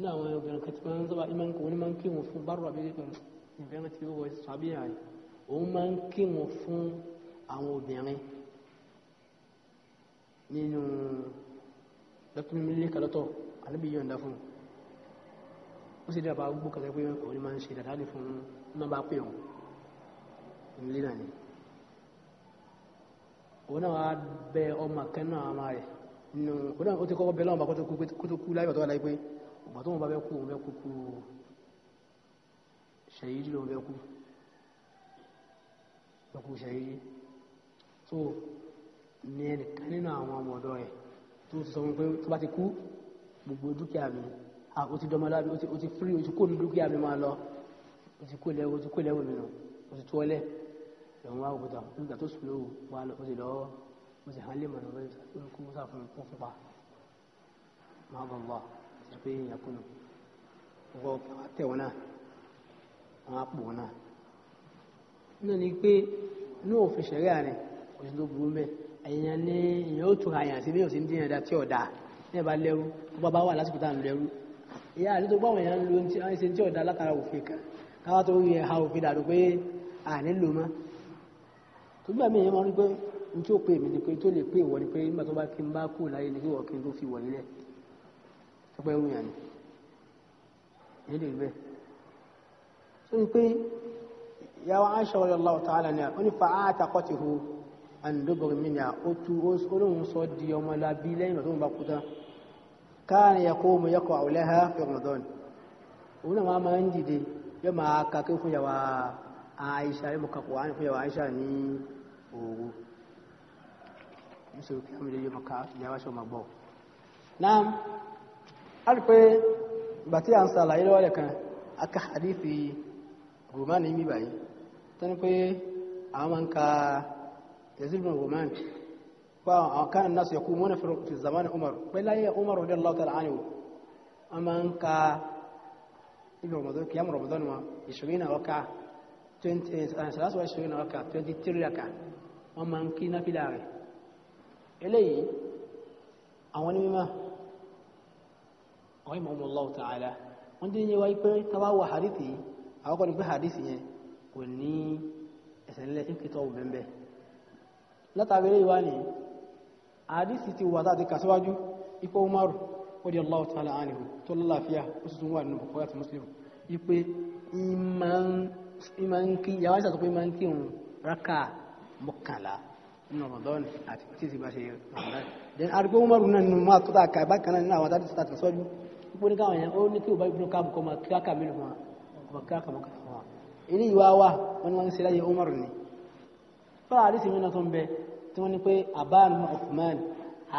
S1: ní àwọn obìnrin kan tí wọ́n ń sábà wọ́n ní máa wa kí wọn fún bárò àbí pẹ̀lú ìfẹ́ràn tí ó wọ ẹ̀sùn àbí àyè òun máa ń kí wọn fún àwọn obìnrin nínú lọ́kùnrin kalọ́tọ̀ alábí yọ̀ǹda fún ó sì dábàá gbó kàtà pé wọn kò ní máa ń ṣe dàdáni fún náà bá pè wọn nílé náà ni òun náà wàá bẹ ọmọ kan náà máa rẹ̀ nínú òun náà ó ti kọ́kọ́ bẹ lọ́wọ́ bá kó tó kú láyọ̀ tó wà láyé ìgbà tó wọn bá bẹ́ kú wọn bẹ́ kú kú ṣẹ̀yíjí ló bẹ́ kú ẹkú ṣẹ̀yíjí tó ní ẹnìkan nínú àwọn ọmọ ọ̀dọ́ ẹ̀ tó ti sọ wọn pé tó bá ti kú gbogbo dúkìá mi ó ti dọmọlábí ó ti fírí ó ti kó ní dúkìá mi máa lọ ó ti kó lẹ́wọ̀ ó ti kó lẹ́wọ̀ mi nù ó ti tó ọlẹ́ ẹ̀wọ̀n wá òkúta nígbà tó sùn lóhùn wá lọ ó ti lọ́wọ́ ó ti hàn lè mọ̀ lọ́wọ́ pé èèyàn kùnà ọwọ́ tẹ̀ wọn náà wọn á pò wọn náà nínú ni pé inú òfin ṣẹ̀rí àárín òṣèlú burú mẹ́ èèyàn ní èèyàn ó tura àyàn sí ní òsì ní ìrìnàdá tí ọ̀dà ní ẹ̀bá lẹ́rú bọ́ bá wà lásìkò tá à ń lẹ́rú ìyá àti tó báwọn èèyàn ń ti ṣe tí ọ̀dà látara òfin kan káwá tó rí ẹ̀ha òfin dàdú pé à nílò mọ́ tó gbà mí èèyàn máa ń pé n tí pè mí ni pé tó lè pè wọ ni pé nígbà tó bá kí n bá kú láyé ni kí wọ́n kí n tó fi wọ̀ nílẹ̀ ọpẹ́ ẹrú yàn ni ilé ìgbẹ́ tó ní pé yàwó aṣọ radiyallahu ta'ala ní àwọn onífà àtàkọ́tìhù àndóbọ̀rẹ̀ mi ni ó tú olóhun sọ di ọmọ lábí lẹ́yìn tó ń bá kúta káàrin yàkó mu yàkó àwòlẹ́hà Ramadan òun náà máa ń dìde yóò máa a rí pé ìgbà tí a ń ṣàlàyé lọ́wọ́ rẹ̀ kan aka hadithi roman ní báyìí tó ní pé àwọn máa ń ka yazid bin roman pé àwọn kan náà sọ̀kú mọ́nà fi zamani umar pé láyé umar radiyallahu ta'ala anhu a máa ń ka ibi ramadan kiyam ramadan wa ishirin na waka 23 waka 23 raka wọ́n máa ń kí náfìlà rẹ̀ eléyìí àwọn rahimahumullahu ta'ala wọ́n dín yẹ wáyé pé tábà wà hadithi àwọn kan ní pé hadithi yẹn kò ní ẹsẹ̀ nílẹ̀ tí kìtọ́ wù bẹ́ẹ̀ bẹ́ẹ̀ látàbílẹ̀ ìwá ni hadithi ti wà tàbí kàṣíwájú ipò umaru radiyallahu ta'ala anhu tó lálàáfíà ó sì tún wà nínú bukhari àti muslim ipe ìmọ̀nkí yàwó ìsàtọ̀ pé ìmọ̀nkí òun rákà mọ́kànlá nínú Ramadan àti tí bá ṣe Ramadan then gbogbo ní káwọn yẹn ó ní kí o bá ibùdó káàbù kọ́ máa kíákà mélòó máa kọ́ máa kíákà máa kàfọ́ wa ilé ìwà wa wọn ni wọn ń ṣe láyé Umar ni fún àdìsí mi náà tó ń bẹ tí wọn ní pé aban Uthman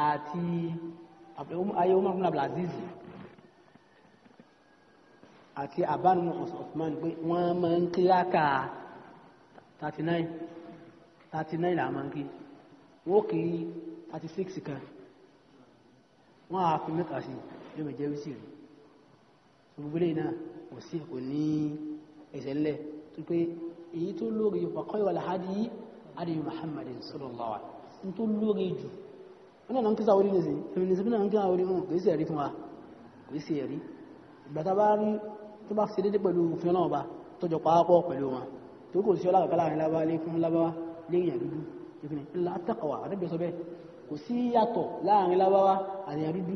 S1: àti ayé Umar bin Abdul àti aban Uthman pé wọn máa ń kíákà thirty nine thirty nine làwọn máa ń kí wọn kì í thirty six kan wọn á fi mẹ́ta sí i yóò mọ̀ jẹ́ wísìrì gbogbo lè náà kò sí kò ní ẹsẹ̀ ńlẹ̀ tó pé èyí tó lórí wàkọ́ ìwà làhádì yìí adìyí muhammad sallallahu alaihi wasallam tó lórí jù wọn náà ń kíta orí nìsín feminism náà ń kíta orí wọn kò sí ẹ̀rí fún wa kò sí ẹ̀rí ìgbà tá a bá rí tó bá ṣe déédéé pẹ̀lú òfin náà ba tọjọ pàápọ̀ pẹ̀lú wọn tó kò sí ọlọ́kàkà láàrin lábá lé fún lábáwá léyìn àdúdú ìfìnnì ńlá àtàkọ̀wà àdébẹ̀sọ bẹ́ẹ̀ kò sí yàtọ̀ láàrin lábáwá àti àdúdú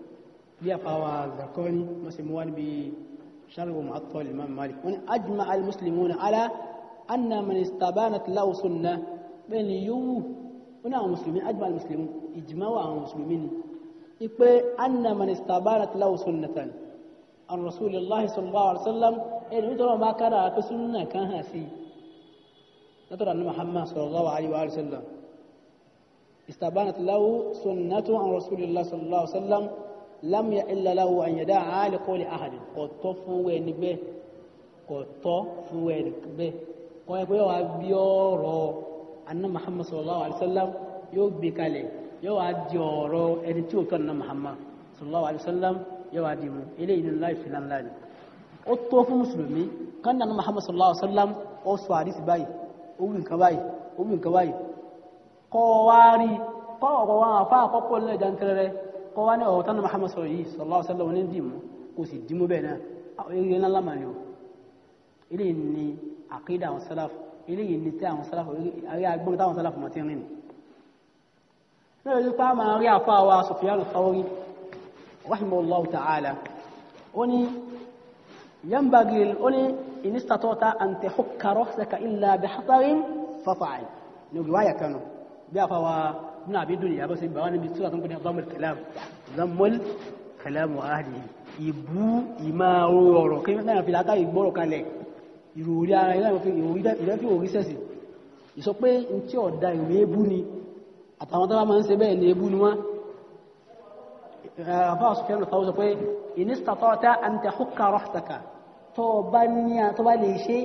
S1: ليا قوا زكوني مسموان بشرب معطل الإمام مالك وأن أجمع المسلمون على أن من استبانت له سنة بين يو هنا مسلمين أجمع المسلمون إجماع المسلمين يقول أن من استبانت له سنة الرسول الله صلى الله عليه وسلم إن يدرى ما كان في سنه كان هاسي نترى أن محمد صلى الله عليه وآله وسلم استبانت له سنة عن رسول الله صلى الله عليه وسلم lam ya illa lahu an yada ali qawli ahad kò tọ́ fún we ni be kò tọ́ fún we ni be ko e boyo àbí ọ̀rọ̀ anna muhammad sallallahu alaihi wasallam yó gbé kalẹ̀ yó wá di ọ̀rọ̀ ẹni tí ó kan na muhammad sallallahu alaihi wasallam yó wá di mu ile inu life lan lan ó tọ́ fún muslimi kan na muhammad sallallahu alaihi wasallam ó sọ hadith báyìí ó wí nǹkan báyìí ó wí nǹkan báyìí ko wá rí ko ko wa fa ko ko le kọ́ wá ní ọ̀rọ̀ tánà Muhammad sọ yìí sallallahu alaihi wasallam ní dìmú kò sì dìmú bẹ́ẹ̀ náà eré ńlá lámà ni o eléyìí ni àkídà àwọn sálàfù eléyìí ni tí àwọn sálàfù àrí agbọ́n táwọn sálàfù mọ́ ti rìn ní. náà lórí pa máa rí àfa wa Sufyan Thawri rahimahullahu ta'ala ó ní yanbaghi ó ní in istata'ta an tahukka ra'saka illa bi ní ògì kanu bí àfa wa ابن أبي دنيا بس بوان بسورة تنقل ضم الكلام ضم الكلام وأهله ìbú ìmá ọ̀rọ̀ kí mẹ́ta fi látà ìgbọ́rọ̀ kalẹ̀ ìròrí ara ilẹ̀ fi ìrẹ́fí òrí sẹ́sì ìsọ pé n tí ọ̀dá ìrò ebú ni àtàwọn tó bá máa ń ṣe bẹ́ẹ̀ ni ebú ni wọ́n àbáwọ̀ sọ fẹ́ràn fáwọ́ sọ pé ìnísítàtọ́ta àǹtẹ̀húkà rọ́sàkà tó bá ní àtọ́bá lè ṣe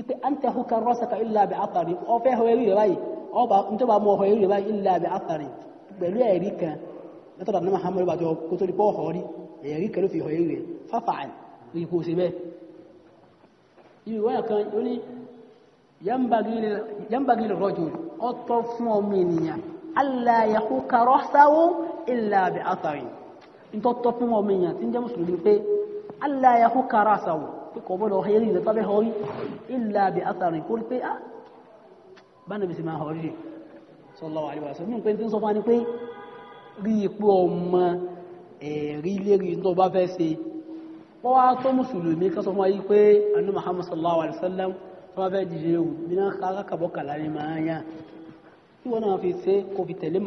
S1: ipe àǹtẹ̀húkà rọ́sàkà ìlà àbẹ̀ àtàrí ọfẹ́ ọwẹ́rí rẹ̀ báyìí ọba ntọ́ba mú ọ̀họ̀ eré báyìí ilẹ̀ àbẹ̀ àtàrí pẹ̀lú ẹ̀rí kan látọ̀dà ní mahamadu bàtí kó tó di pọ́ ọ̀họ̀ rí ẹ̀rí kan ló fi ọ̀họ̀ eré fáfà ní kò sí bẹ́ẹ̀ ibi wáyà kan ó ní yambagi lè rọ́jò ọ̀tọ̀ fún ọmọ ènìyàn aláyàkó karọ́ sáwó ilẹ̀ àbẹ̀ àtàrí ntọ́tọ́ fún ọmọ ènìyàn tí ń jẹ́ kó rí pé ah bánàbí sí máa hàn rí sallallahu alaihi wasallam mí pé tí ń sọ fún ni pé rí ipò ọmọ ẹ̀rí lérí tó bá fẹ́ ṣe wọ́n wá tó mùsùlùmí kan sọ fún ayé pé anú Muhammad sallallahu alaihi wasallam tó bá fẹ́ dìde ewu nínú kákàbọ̀kàlá ni máa ń yàn tí wọ́n náà fi ṣe kò fi tẹ̀lé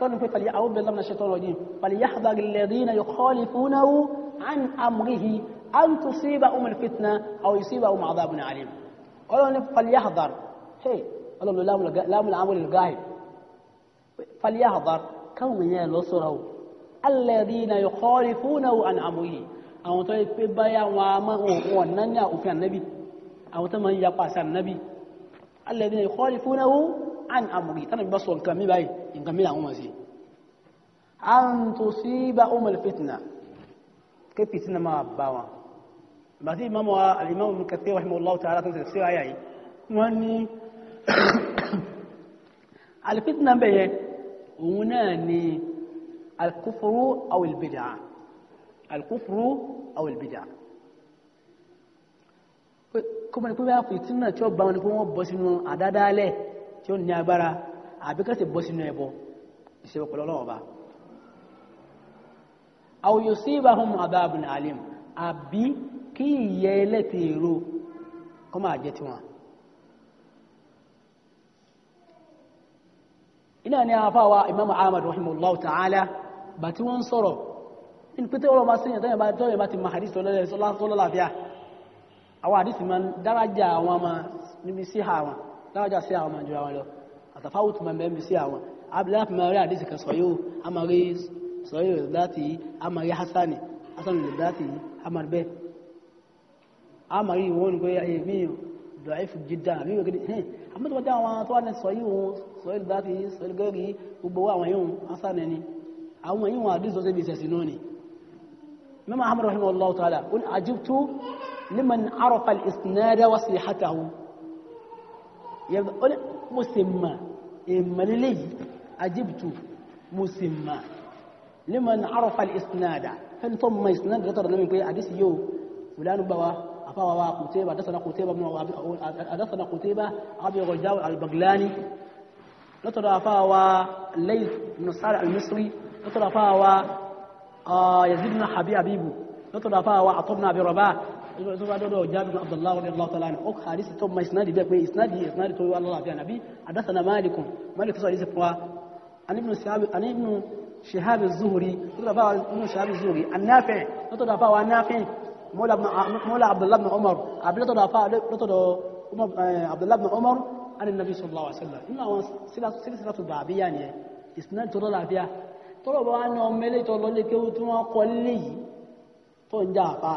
S1: فلن فلي أعوذ بالله من الشيطان الرجيم فليحذر الذين يخالفونه عن أمره أن تصيبهم الفتنة أو يصيبهم عذاب عليم قالوا فليحذر هي قالوا له لا من العمل الغاهب فليحذر كم من يلصره الذين يخالفونه عن أمره أو تقول في بيا وما هو النبي أو تمن يقاس النبي الذين يخالفونه an amri tana bi baso nǹkan mi báyìí nǹkan mi làwọn ma ṣe an tusiba umar fitna ke fitna ma bá wọn ba ti imamu al-imamu ibn kathir rahimahullahu ta'ala tun tafsir aya yi wọ́n ní al-fitna be ye òun náà ni al-kufru aw al-bid'a ní pé bá fìtínà tí ó bá wọn ni pé wọ́n bọ́ sínú àdádálẹ̀ tí ó ní agbára àbí kẹsì bọ́ sínú ẹbọ ìṣẹ̀wọ̀ pẹ̀lú ọlọ́wọ́ bá aw yusibahum adhabun alim àbí kí ìyẹ ẹlẹ́tì èrò kó máa jẹ tiwọn iná ni àfáwà imam ahmad rahimahullahu ta'ala bá tí wọ́n sọ̀rọ̀ in pété ọ̀rọ̀ ma sínyẹ̀ tẹ́yẹ̀ bá tọ́yẹ̀ bá ti ma hadith sọ́lọ́lá sọ́lọ́lá fíà àwọn hadith ma dárájà àwọn ọmọ níbi síhà wọn láwájá sí àwọn màjúra wọn lọ àtàfáwù tó mẹ́mẹ́ bí sí àwọn abdullahi mẹ́rí àdísì kan sọ̀yọ́ amari sọ̀yọ́ ìrẹ̀dáti amari hassani hassani ìrẹ̀dáti amari bẹ́ẹ̀ amari wọn pé èmi dọ̀ẹ́fù jídá àbí wọ́n kéde hẹ́n àmọ́tọ́já àwọn tó wà ní sọ̀yọ́ sọ̀yọ́ ìrẹ̀dáti sọ̀yọ́ gẹ́rí gbogbo àwọn yóò hassani ni àwọn yóò àdísì tó sẹ́bi ìṣẹ̀sìn náà ni mẹ́mà ahmed rahim allah ta'ala un ajibtu yẹn mo sì mà èèmà lélẹ́yìí ajibtu mo sì mà liman arafa al-isnada fẹ́ni tó mọ isnada lọ́tọ̀rọ̀ lẹ́mi pé àdísì yóò fulani gbawa afáwawa kùtẹ́bà adásana kùtẹ́bà adásana kùtẹ́bà abiyagọ̀ jáwé al-baglani lọ́tọ̀rọ̀ afáwawa layth ibn sa'd al-misri lọ́tọ̀rọ̀ afáwawa yazid ibn habibu lọ́tọ̀rọ̀ afáwawa atọ́bùn abi rabah tó bá dọ́dọ̀ jábìrì abdullahi radiyallahu ta'ala anhu ó kàrí sí tó ma ìsinádìí bẹ́ẹ̀ pé ìsinádìí ìsinádìí tó wà lọ́láàfíà nàbí àdásánà máàlìkùn máàlìkùn tó sọ ìsìn fún wa anibnu shihab az-zuhri tó dàbà anibnu shihab az-zuhri annáfẹ́ tó dàbà wa náfẹ́ mọ́lá abdullahi bin umar àbí tó dàbà abdullahi bin umar eh, anin nabi sallallahu alaihi wasallam inú àwọn sílásílásù bàbíyà ni ìsinádìí tó lọ́láàfíà tọ́lọ̀ bá wá ní ọmọ ilé ìtọ́lọ́lé kéwú tí wọ́n kọ́ lé yìí tó ń já àpá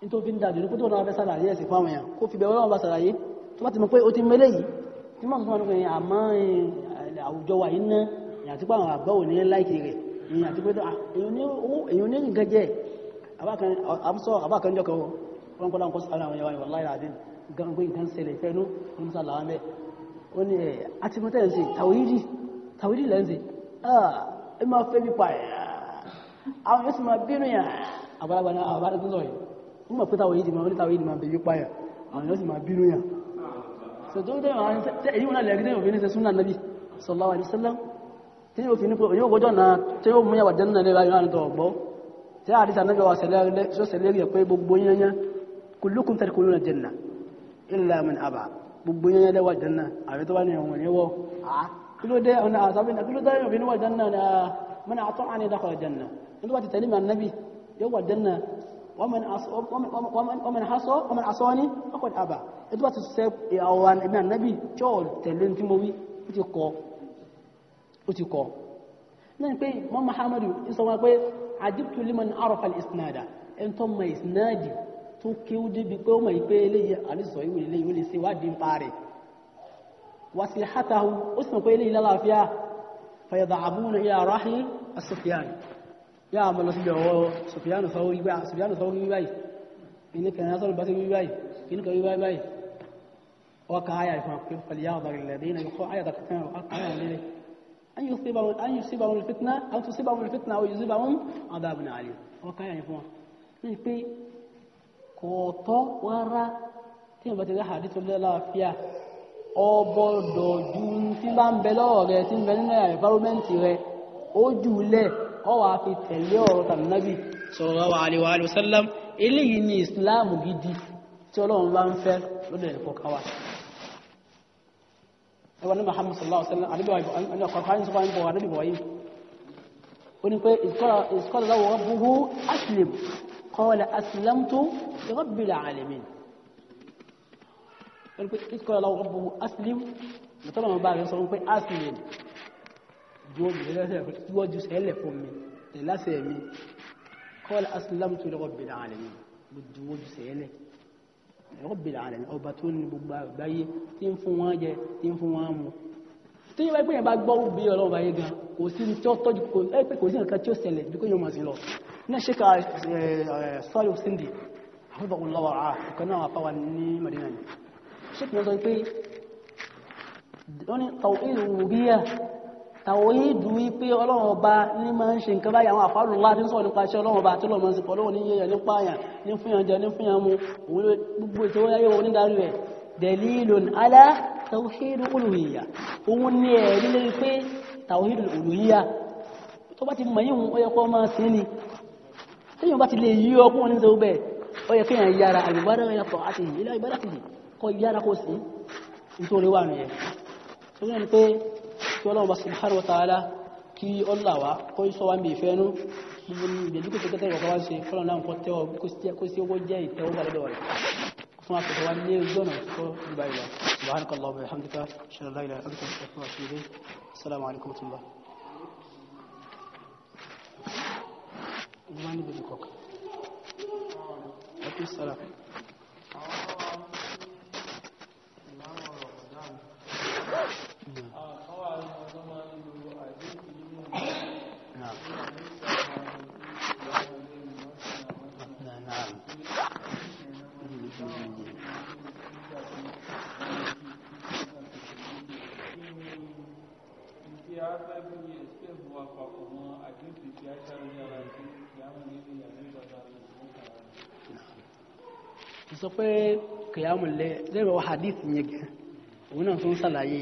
S1: nítorí fi ń dàbí nípò tó náà fẹ́ sàlàyé ẹ̀sìn fáwọn èèyàn kó fi bẹ̀rẹ̀ ọlọ́run bá sàlàyé tó bá ti mọ̀ pé ó ti mẹ́lẹ̀ yìí tí máa fún ọdún àmọ́ àwùjọ wà iná ìyàtí pé àwọn àgbáwò ní láìkì rẹ̀ ìyàtí pé ah, èyàn ní nǹkan jẹ́ àmúsọ àbákanjọ kan wọn kọ́lá ń kọ́ sára àwọn ìyàwó ìwàláì àdín gan gbé nǹkan ṣẹlẹ̀ fẹ́nu wọn mú sàlàwà yóò sì máa bínú yàn àbálàbà náà àbálàbà náà ń mọ̀ pé táwọn yìí di máa onítàwọn yìí di máa bèbí páyà àwọn yóò sì máa bínú yàn so tó ń tẹ́wọ̀n èyí wọn lẹ́gbẹ́ tẹ́yìn òfin ní ṣe súnà nàbí sallallahu alaihi wasallam tẹ́yìn òfin ní pé yóò gbọ́jọ́ náà tẹ́yìn òmú yàwà jẹ́ nínú ẹ̀rọ àwọn tó gbọ́ tẹ́ àdìsá nàbí wa sẹ̀lẹ́rì ẹ̀ pé gbogbo yẹn kullukum tadkhuluna al-janna illa man aba gbogbo yẹn lẹ́wà janna àbí tó bá ní ẹ̀wọ̀n yẹn wọ́ ọ̀nà àtàbí kí ló dé òfin wà mọ́nà àtọ́ àní dakhala janna nígbà tí tẹ̀lé mi ànábì yóò wà janna ومن أصوب ومن ومن حصو ومن عصاني فقد أبا إذا تسب أوان ابن النبي جول تلين تموي وتقو وتقو نحن نعم، بي ما محمد يسوى بي عجبت لمن عرف الإسناد أنتم ما إسنادي تو kéwú débi pé ó mọ̀ ìpé eléyìí àlùsọ ìwé ilé ìwé lè ṣe wádìí ń pa rẹ̀ wà sí hátàhù ó sì mọ̀ pé yá àmọ́ lọ sílẹ̀ ọwọ́ Sufyanu Thawri wíwá ah, Sufyanu Thawri wíwá yìí inú kan Hasan al-Basri wíwá yìí inú kan wíwá yìí ọkà ayà ìfọ̀n pé pẹ̀lú alladhina yóò kọ́ ayà dàkàtà ayà lélẹ̀ an yusibahum al-fitna aw tusibahum al-fitna aw yusibahum adhabun alim ọkà ayà ìfọ̀n ní pé kọ̀ọ̀tọ́ wára tí wọ́n ọwà fi tẹ̀lé ọ̀rọ̀ tàbí sallallahu alaihi wa sallam eléyìí ni islam gidi tí ọlọ́run bá ń fẹ́ lọ́dọ̀ ẹ̀kọ́ káwà ẹwà ní Muhammad sallallahu alaihi wa sallam àdúgbò ìkọ́lá lọ́wọ́ rabbuhu aslim mọ̀tọ́lọ́mọ̀ bá rẹ̀ sọ wípé aslim dúró mi lẹ́sẹ̀ tí wọ́n ju sẹ́lẹ̀ fún mi tẹ̀ lásẹ̀ mi kọ́lá asìlámù tó lọ́wọ́ bẹ̀rẹ̀ àlẹ́ mi mo dúró ju sẹ́lẹ̀ lọ́wọ́ bẹ̀rẹ̀ àlẹ́ mi ọba tó ní gbogbo àgbáyé tí ń fún wọn jẹ tí ń fún wọn mu tí yóò pé yẹn bá gbọ́ bí ọlọ́run báyé gan kò sí ní tọ́jú kò ẹ pé kò sí nǹkan tí ó ṣẹlẹ̀ bí kò yóò mọ̀ sí lọ ní ṣéka sọ́ọ̀lù síndì àfẹ́bọ̀ ọlọ́wọ́ àá ọ̀kan náà àfáwà ní Madina ni ṣéka náà sọ pé wọ́n ní tàwọn èèyàn wò bí tàwíìdù wípé ọlọ́run ọba ní máa ń ṣe nǹkan báyìí àwọn àfáàlù ńlá tí ń sọ̀rọ̀ nípa iṣẹ́ ọlọ́run ọba tí lọ́mọ sí pọ̀lọ́wọ́ ní yẹyẹ nípa àyàn ní fúnyàn jẹ ní fúnyàn gbogbo ètò wọn ni téèyàn tolama subhanahu wa ta'ala ki ollawa ko so wambi fenu mun be duko tokete ko wanse fola nan ko tewo ko sti ko sti ko jayi tewo bala do wala kuma ko to wanne zono ko dubayla subhanaka allah wa bihamdika shalla la ilaha illa anta astaghfiruka wa atubu ilayk assalamu alaikum wa rahmatullah Gimana begitu kok? Tapi salah. sọ pé kìyàmù lẹ lẹ́rọ hadith yẹn gẹ̀ òun náà tún sàlàyé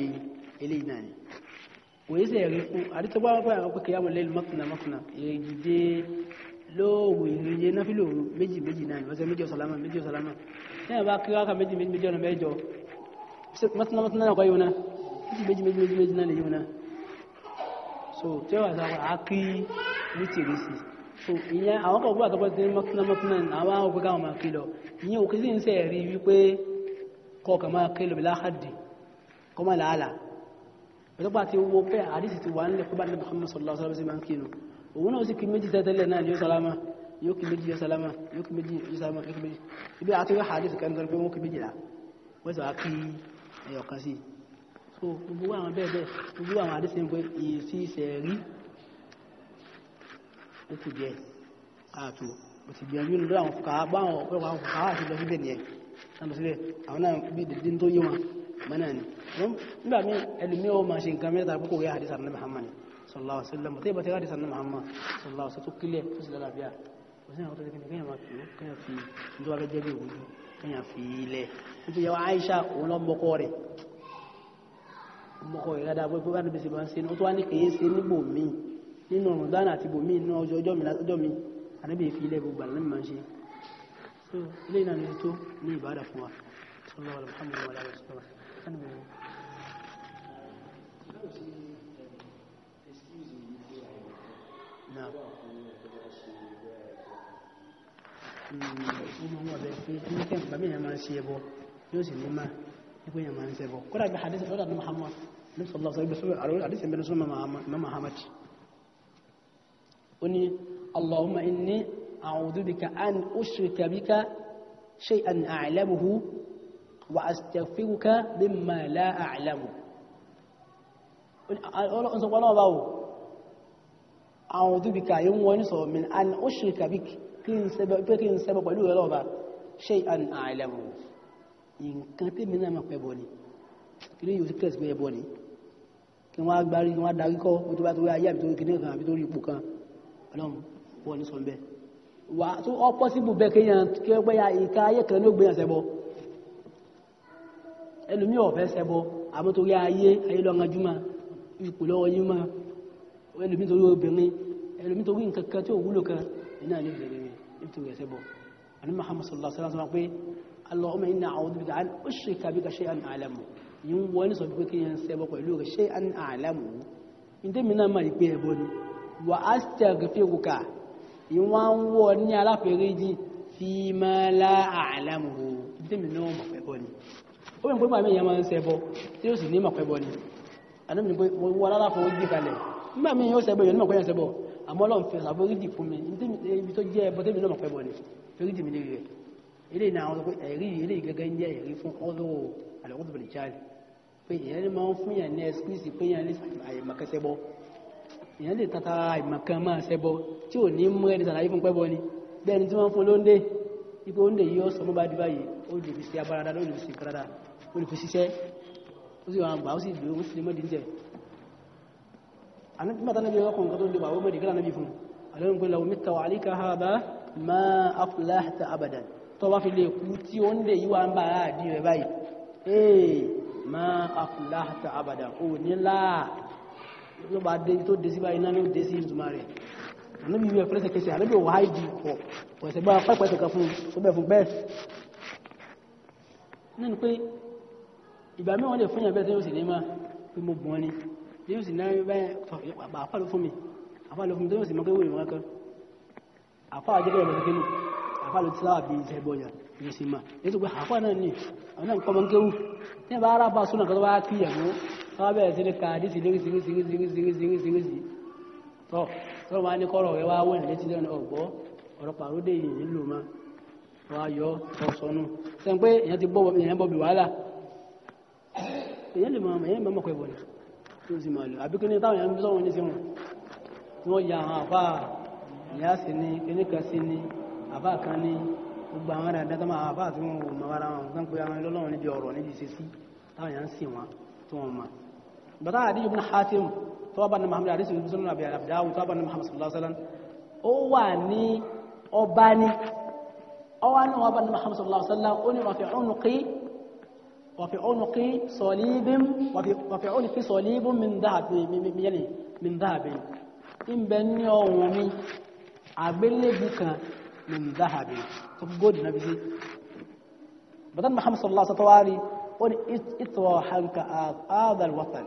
S1: eléyìí náà ni òye sì ẹ̀rí fún àdìsọ bá wà pé kìyàmù lẹ́lu mọ́kànlá mọ́kànlá èjìdé lóòwò ìrìnyẹ náà fi lòòrò méjì méjì náà ni wọ́n sẹ méjì ọ̀sàlámà méjì ọ̀sàlámà náà bá kí wákà méjì méjì méjì ọ̀nà mẹ́jọ mọ́tínà mọ́tínà náà kọ́ yóò náà méjì méjì méjì méjì náà lè yóò náà so tí ó wà sáwọn so ìyẹn àwọn kan gbọ́dọ̀ tọ́pọ̀ sí mọ́kínà mọ́kínà àwọn àwọn òpin káwọn máa ké lọ ìyẹn òkè sí ń sẹ́ rí wípé kọ̀ọ̀kan máa ké lọ bí láhàdì kọ́ máa làálà pẹ̀lú pàtí owó pé àdísì ti wà nílẹ̀ pẹ́ bá nílẹ̀ Muhammad sallallahu alaihi wasallam sí máa ń kínu òun náà sì kí méjì tẹ́tẹ́lẹ̀ náà ni yóò sálámà yóò kí méjì yóò sálámà yóò kí méjì yóò sálámà yóò kí méjì ibi àti wọ́n àdísì kan tó ń pé wọ́n kí méjì là wọ́n sì wá kí ẹyọ kan sí so gbogbo àwọn bẹ́ẹ̀ bẹ́ẹ̀ gbogbo àwọn àdísì ń pé ìsísẹ̀ ó kù díẹ̀ káàtó ó ti gbìyànjú lọ́dọ̀ àwọn kòkà báwọn ọ̀pọ̀lọpọ̀ àwọn kòkà àti lọ síbẹ̀ nìyẹn lọ síbẹ̀ àwọn náà bí dídín tó yé wọn mẹ́nà ni nígbà mí ẹlòmíì ó máa ṣe nǹkan mẹ́ta púpọ̀ yá àdìsá ní Muhammad sallallahu alaihi wasallam tó yẹ bá ti àdìsá ní Muhammad sallallahu alaihi wasallam tó kílẹ̀ tó sì lálàáfíà kò sí àwọn tó kékeré kéèyàn máa kìló kéèyàn fi nítorí wàá jẹ́ bí ìwúlò kéèyàn fi ilẹ̀ nítorí yàwó Aisha òun lọ mọ́kọ́ rẹ̀ mọ́kọ́ rẹ̀ dáadáa pé bá níbi sì máa ń ṣe ni ó tó wá ní kèé ṣe nígbò míì nínú Ramadan àti bòmí inú ọjọ́ mi látọjọ́ mi ànábì fi ilẹ̀ gbogbo àlẹ́ mi máa ń ṣe so ilé ìnáwó ti tó ní ìbáradà fún wa sọlá wa alhamdulilayi wa alayhi wa sallam. Now. ọmọ wọn bẹ fi ní kẹ́ bàbá yẹn máa ń ṣe ẹbọ yóò sì ní máa nípa yẹn ó ní allahumma inni a'udhu bika an ushrika bika shay'an a'lamuhu wa astaghfiruka mimma la a'lamu ọlọ́run sọ pọ́nà báwo a'udhu bika yíò wọ́n ní sọ min an ushrika bika pé kí n ṣẹbọ pẹ̀lú ọlọ́ọ̀bá shay'an a'lamu nǹkan tí mi náà mọ̀ pẹ́ bọ́ ni kìí yóò kílẹ̀ sí ni kí wọ́n agbárí wọ́n darí kọ́ ojú bá torí ayé àbí torí kìíní ipò kan ọlọ́run wọ́n ní sọ bẹ́ẹ̀ wà tó ọpọ́ síbù bẹ́ẹ̀ kéèyàn kí ó gbẹ́yà ìka ayé kan ló gbéyàn ṣẹbọ ẹlòmí ọ̀fẹ́ ṣẹbọ àmọ́ torí ayé ayé lọ́nà júmọ́ ipò lọ́wọ́ yín mọ́ ẹlòmí nǹkan kan tí ò wúlò kan iná ní bẹ̀rẹ̀ nítorí ẹ̀ṣẹbọ àní Muhammad sallallahu alaihi wasallam pé Allahumma inna a'udhu bika an ushrika bika shay'an a'lamu yìí wọ́n ní sọ pé kéèyàn ṣẹbọ pẹ̀lú rẹ̀ shay'an a'lamu wà á astaghfiruka ìwọ́n ń wọ́ ní aláfẹ́rẹ́jì fi ma la a'lamu tèmi náà mọ̀ pẹ́bọ́ ni ó mẹ́rin pẹ́bọ́ àmì o máa ń ṣẹbọ tí ó sì ní mọ̀ pẹ́bọ́ ni àdúgbò pé wọ́n wọ́n aláfẹ́ ó gbé kalẹ̀ nígbà míì yóò ṣẹbọ yóò ní mọ̀ pẹ́yàn ṣẹbọ àmọ́ Ọlọ́run fi àforíjì fún mi ibi tó jẹ́ ẹbọ tèmi náà mọ̀ pẹ́bọ́ ni foríjì mi lérí o ilé ìnà àwọn ọ̀dọ́ ẹ̀rí ilé ìgẹ́gẹ́ ń jẹ́ ẹ̀rí fún ọdọ́ àlọ́kùnrin pé ìyẹn máa ń fún yàn ní ẹsikúsì pé yàn ní àyèmọ̀kẹsẹ́bọ́ èèyàn lè tata ìmọ̀kan máa ṣẹbọ tí ò ní mú ẹni sàlàyé fún pẹ́bọ ni bẹ́ẹ̀ ni tí wọ́n fún lóńdè ipò oúnjẹ yìí ó sọ mọ́ bá dé báyìí ó lè fi ṣe abárada ó lè fi ṣe ìfaradà ó lè fi ṣiṣẹ́ ó sì wọn gbà ó sì dùn ó sì lè mọ́dí jẹ àníkùnmọ́ta níbi ọkùnrin kan tó lè bà ó mọ́dí ma aflahta abadan tó bá fi ló bá dé tó dé sí báyìí náà ló dé sí ìtumà rẹ̀ àníbi ìwé ẹ̀fẹ́lẹ́sẹ̀ kẹsẹ̀ àníbi òwà ìdí pọ̀ pẹ̀sẹ̀ bá pẹ́pẹ́sẹ̀ kan fún tó fún bẹ́ẹ̀ nínú pé ìgbà mí lè fún yàn bẹ́ẹ̀ yóò sì ní máa bá ara wọ́n bẹ̀rẹ̀ sí ní ka àdísì lóríṣiríṣiríṣiríṣiríṣiríṣi tọ́ tọ́ wọn á ní kọ́rọ̀ rẹ wá wọ̀nyí létí lẹ́nu ọ̀gbọ́ ọ̀rọ̀ pàrọ́dé yìí ń lò mọ́ wọ́n á yọ ọ̀sọ́nù sẹ́n pé èèyàn ti bọ́ èèyàn bọ̀ bí wàhálà èèyàn lè mọ èèyàn mọ́ mọ́kọ̀ ìbọ̀nà tí ó sì máa lò àbí kíní táwọn èèyàn ń sọ̀rọ̀ ní sí tí wọ́n ya àwọn àfá ìyá sí ni kíní kan sí ni àfá kan ní gbogbo àwọn ẹ̀rọ àdáta máa àfá tí wọ́n wò máa wára wọn tán pé àwọn ẹlọ́lọ́wọ́n níbi ọ̀rọ̀ níbi ìṣesí táwọn èèyàn ń sìn tí wọ́n máa bàtà àdí ibn hatim tó wà bá ní muhammad àdí sinmi sunu àbí àdáwù tó wà bá ní muhammad sallallahu alaihi wasallam ó wà ní ọba ní ọwá ní wà bá ní muhammad sallallahu alaihi wasallam ó ní fi unuqi wà fi unuqi salibim wà fi unuqi salibim min dhahabi yẹni min dhahabi ń bẹ ní ọ̀hún mi àgbélébù kan min dhahabi tó gbódì náà bí sí bàtà sallallahu alaihi wasallam ó ní ìtọ̀ hanka àdàlwatan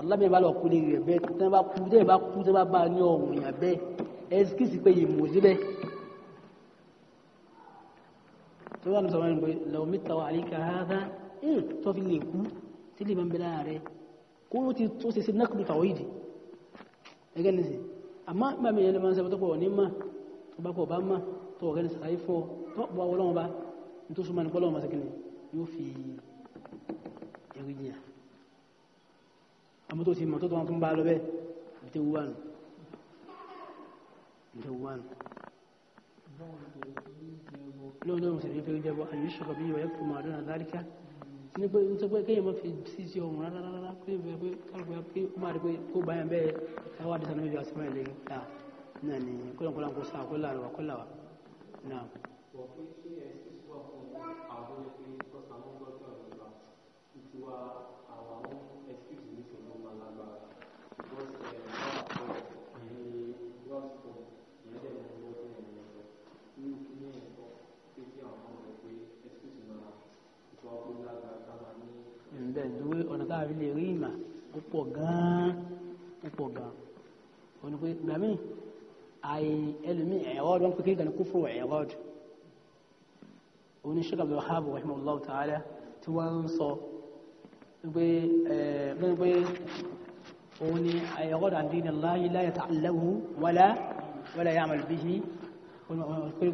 S1: ọ̀lábẹ̀ bá lọ kú lè rẹ̀ bẹ́ẹ̀ tí wọ́n bá kú tí wọ́n bá kú tí wọ́n bá bá ní ọ̀hún yàn bẹ́ẹ̀ ẹ̀sìkìsì pé yìí mò síbẹ̀. tó wà ní sọ̀rọ̀ nípa lọ́wọ́ mẹ́ta wà àríkà rárá tó fi lè kú tí lè máa ń bẹ lára rẹ̀ kó ló ti tó ṣe sí nákùlù tàwídì lè máa yóò fi èrè àmọ́ tó ti mọ̀ tó tó wọn tó ń bá lọ bẹ́ẹ̀ ìtẹ́ wúwà nù ìtẹ́ wúwà nù lóòrùn lóòrùn sì ní fẹ́ jẹ́bọ́ àyíṣọ́kọ̀ bí wọ́n fún màdún àdáríkà ní pé ní pé kéèyàn má fi sí sí ọmọ rárá pé bẹ́ẹ̀ pé kálùkù pé ó máa rí pé kó báyàn bẹ́ẹ̀ káwá àdìsá náà yóò sọ́mọ́ ilé ta náà ni kọ́lọ̀kọ́lá ń kó sáà kó láàrọ̀ kó làwà náà. wọ́n pín sí ẹ̀ sí láàrin lè rí ìmà ó pọ̀ gan-an ó pọ̀ gan-an ó ní pé ìgbà míì àì ẹlòmí ẹ̀rọ́dù wọn pé kí ìgbàlẹ̀ kúfù ẹ̀rọ́dù oníṣẹ́gbà bí wàhábù wàhímọ̀ lọ́wọ́ tààlà tí wọ́n ń sọ pé ẹ̀ẹ́dùn pé òun ni ẹ̀rọ́dù àdínà láyé láyé tààlẹ́wù wọlá wọlá yà àmàlù bíhí pé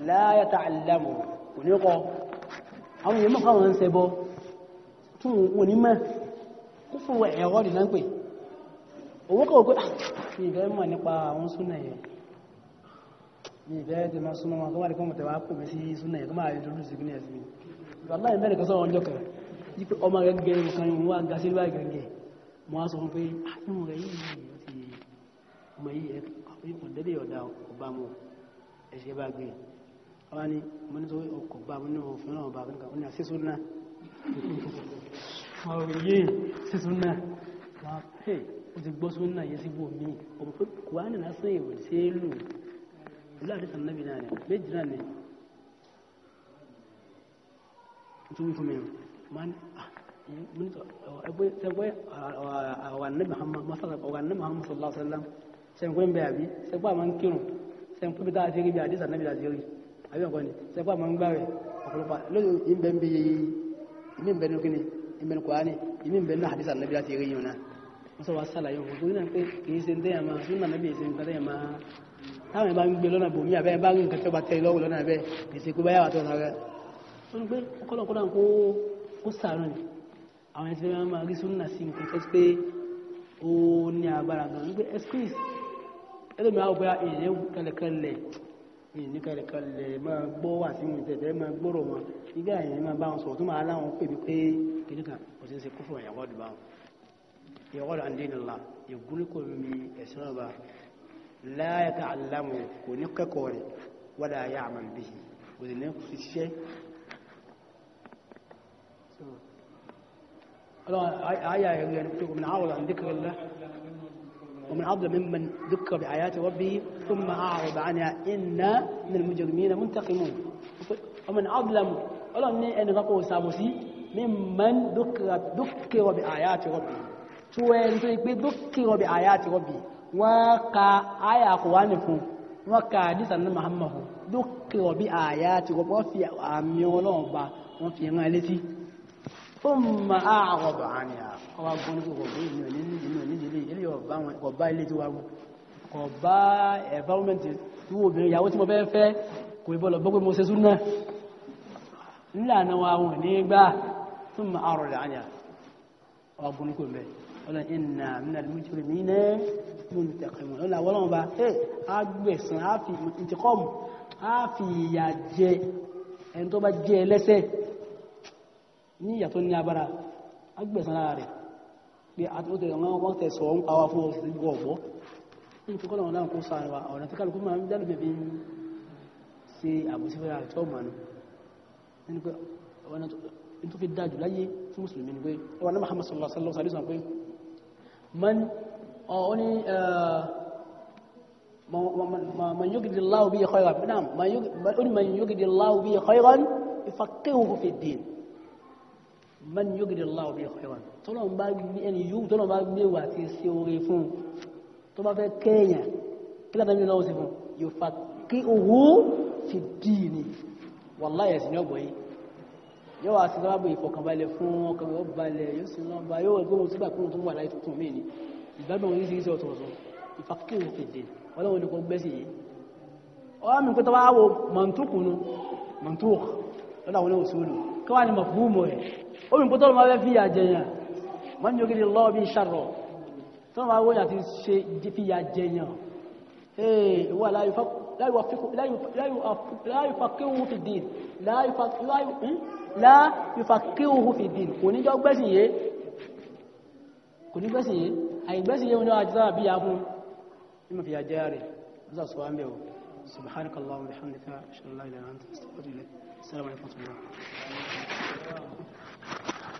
S1: láyà tá àlámù oníkọ àwọn èèyàn mọ́kàn wọn ń ṣẹbọ tún wọn ní mọ́ kó fún ẹ̀rọ nìna ń pè owó kọ̀ pé ní ìfẹ́ mọ̀ nípa àwọn súnà yẹn ní ìfẹ́ tí ma súnà wọn tó wà ní kọ́mọ̀ tẹ̀wà kò mí sí súnà yẹn tó máa rí lórí sí gúnlẹ̀ rẹ̀ gẹ̀rẹ̀ bá gbé wọ́n ní mo ní sọ́wọ́ ọkọ̀ bá mo ní òfin náà bá nígbà wọ́n ní àṣíṣú náà ọ̀rọ̀ yìí síṣú náà wọ́n pè ó ti gbọ́ sún náà yẹ sí bò mí ọ̀pọ̀ pé kò á nìlá sí ìwọ̀n sí lù ìlú àdìsàn náà náà méjì náà ni tó wí fún mi wọ́n ní ẹgbẹ́ sẹ́gbẹ́ àwọn ànábì Muhammad sallallahu alaihi wasallam sẹ́gbẹ́ ń bẹ àbí sẹ́gbẹ́ àwọn kírun sẹ́gbẹ́ bí dáa ti rí a àdìsàn náà bí dáa ti rí àbí ọ̀kọ́ ni sẹ́pọ̀ àmọ́ ń gbá rẹ̀ ọ̀pọ̀lọpọ̀ lóyún ìbẹ̀ ń bí ìmí ìbẹ̀ ní kíni ìbẹ̀ ní kòhání ìmí ìbẹ̀ ní àdísà nàbí láti rí yìí náà wọ́n sọ wá sàlàyé ọ̀pọ̀ tó náà pé kì í ṣe ǹdẹ́ àmà súnà nàbí ìṣe nǹkan tẹ́yà máa táwọn ìbá ń gbé lọ́nà bòmí àbẹ́ bá nǹkan tó bá tẹ́ lọ́wọ́ lọ́nà àbẹ́ nìkanìkan lè máa gbọ́ wà sí wọn tẹ̀tẹ̀ máa gbọ́rọ̀ wọn nígbà yẹn máa bá wọn sọ̀rọ̀ tó máa láwọn pè mí pé kìnnìkan kò sí ń ṣe kúfù àlámù kò ní kẹ́kọ̀ọ́ rẹ̀ wọ́n àyà àmà bí kò ní kò ní àwọn ومن أظلم ممن ذكر بآيات ربه ثم أعرض عنها إنا من المجرمين منتقمون ومن أظلم ọlọ́run ní ẹni kan kò sàbòsí mímọ́n dókèrọ̀bì àyàtì rọ̀bì tó ẹni tó ipé dókèrọ̀bì àyàtì rọ̀bì wọ́n ka àyà àkùwánì fún wọ́n ka àdísà ní Muhammadu dókèrọ̀bì àyàtì rọ̀bì wọ́n fi àmì ọlọ́run ba wọ́n fi rán létí fọ́nmà àwọ̀bà ní àwọn agbóníkò kọ̀bá ìlú onídìílé ilé ọ̀bá ilé tí wà mú kọ̀bá environment tí wò obìnrin ìyàwó tí mo fẹ́ fẹ́ kò ìbọ̀lọ̀ gbogbo mo ṣe súnà nílànà àwọn nígbà fọ́nmà àrọ̀lẹ̀ àní àwọn agbóníkò mẹ́ ọlọ́n iná mìíràn mújúrí ní iná múlù tẹ̀kẹ̀mù ọlọ́n àwọn ọlọ́n ẹ́ agbẹ̀sán á ìtìkọ́mù á ìyà jẹ ẹni tó bá jẹ ẹlẹ́sẹ̀ ní ìyà tó ní agbára agbẹ̀sán lára rẹ̀ pé àtúntẹ̀ wọ́n tẹ̀ sọ ń pàwà fún ìgbọ̀ ọ̀gbọ́ ní ìfikọ́lọ̀ wọn láǹkó sáàrẹwà ọ̀nà tí kálùkù máa ń dálù bẹ̀bẹ̀ ń ṣe àbòsífẹ́ra àti ọmọ nù nínú pé ọ̀nà tó fi dájú láyé tí mùsùlùmí ni pé ọwà náà Muhammad sallallahu alaihi wasallam pé man ọ̀ní man yugidillahu bihi khayran man yugidillahu bihi khayran yufaqihuhu fid din man yógidì láwọ̀ bí ẹ̀kọ́ tọ́lọ́n bá gbé ẹni yóò tọ́lọ́n bá gbé wà tí sí orí fún tó bá fẹ́ kẹ́yàn kí látà ní lọ́wọ́ sí fún yóò fa kí owó fi dì ní wàláyẹ̀ sí ní ọgbọ̀ yìí yóò wá sí lábọ̀ ìfọ̀kànbalẹ̀ fún ọkàn yóò balẹ̀ yóò sì lọ bá yóò gbóhùn sígbà kúrò tó wà láì tuntun mí ni ìgbádùn orí omi pọ́ tọ́lọ́ máa fẹ́ fìyà jẹyàn man yugiri Allah bi sharro tọ́lọ́ máa wọ́n àti ṣe fìyà jẹyàn ee wà láyùfàkíhù fi dìn láyùfàkíhù fi dìn hmm? kò ní jọ gbẹ́sìn yé kò ní gbẹ́sìn yé àìgbẹ́sìn yé wọn náà àti sára bí ya fún ìmọ̀ fìyà jẹ́ rẹ̀ ọjọ́ sọ wá ń bẹ̀rù سبحانك اللهم وبحمدك اشهد ان لا اله الا انت استغفرك السلام عليكم ورحمه الله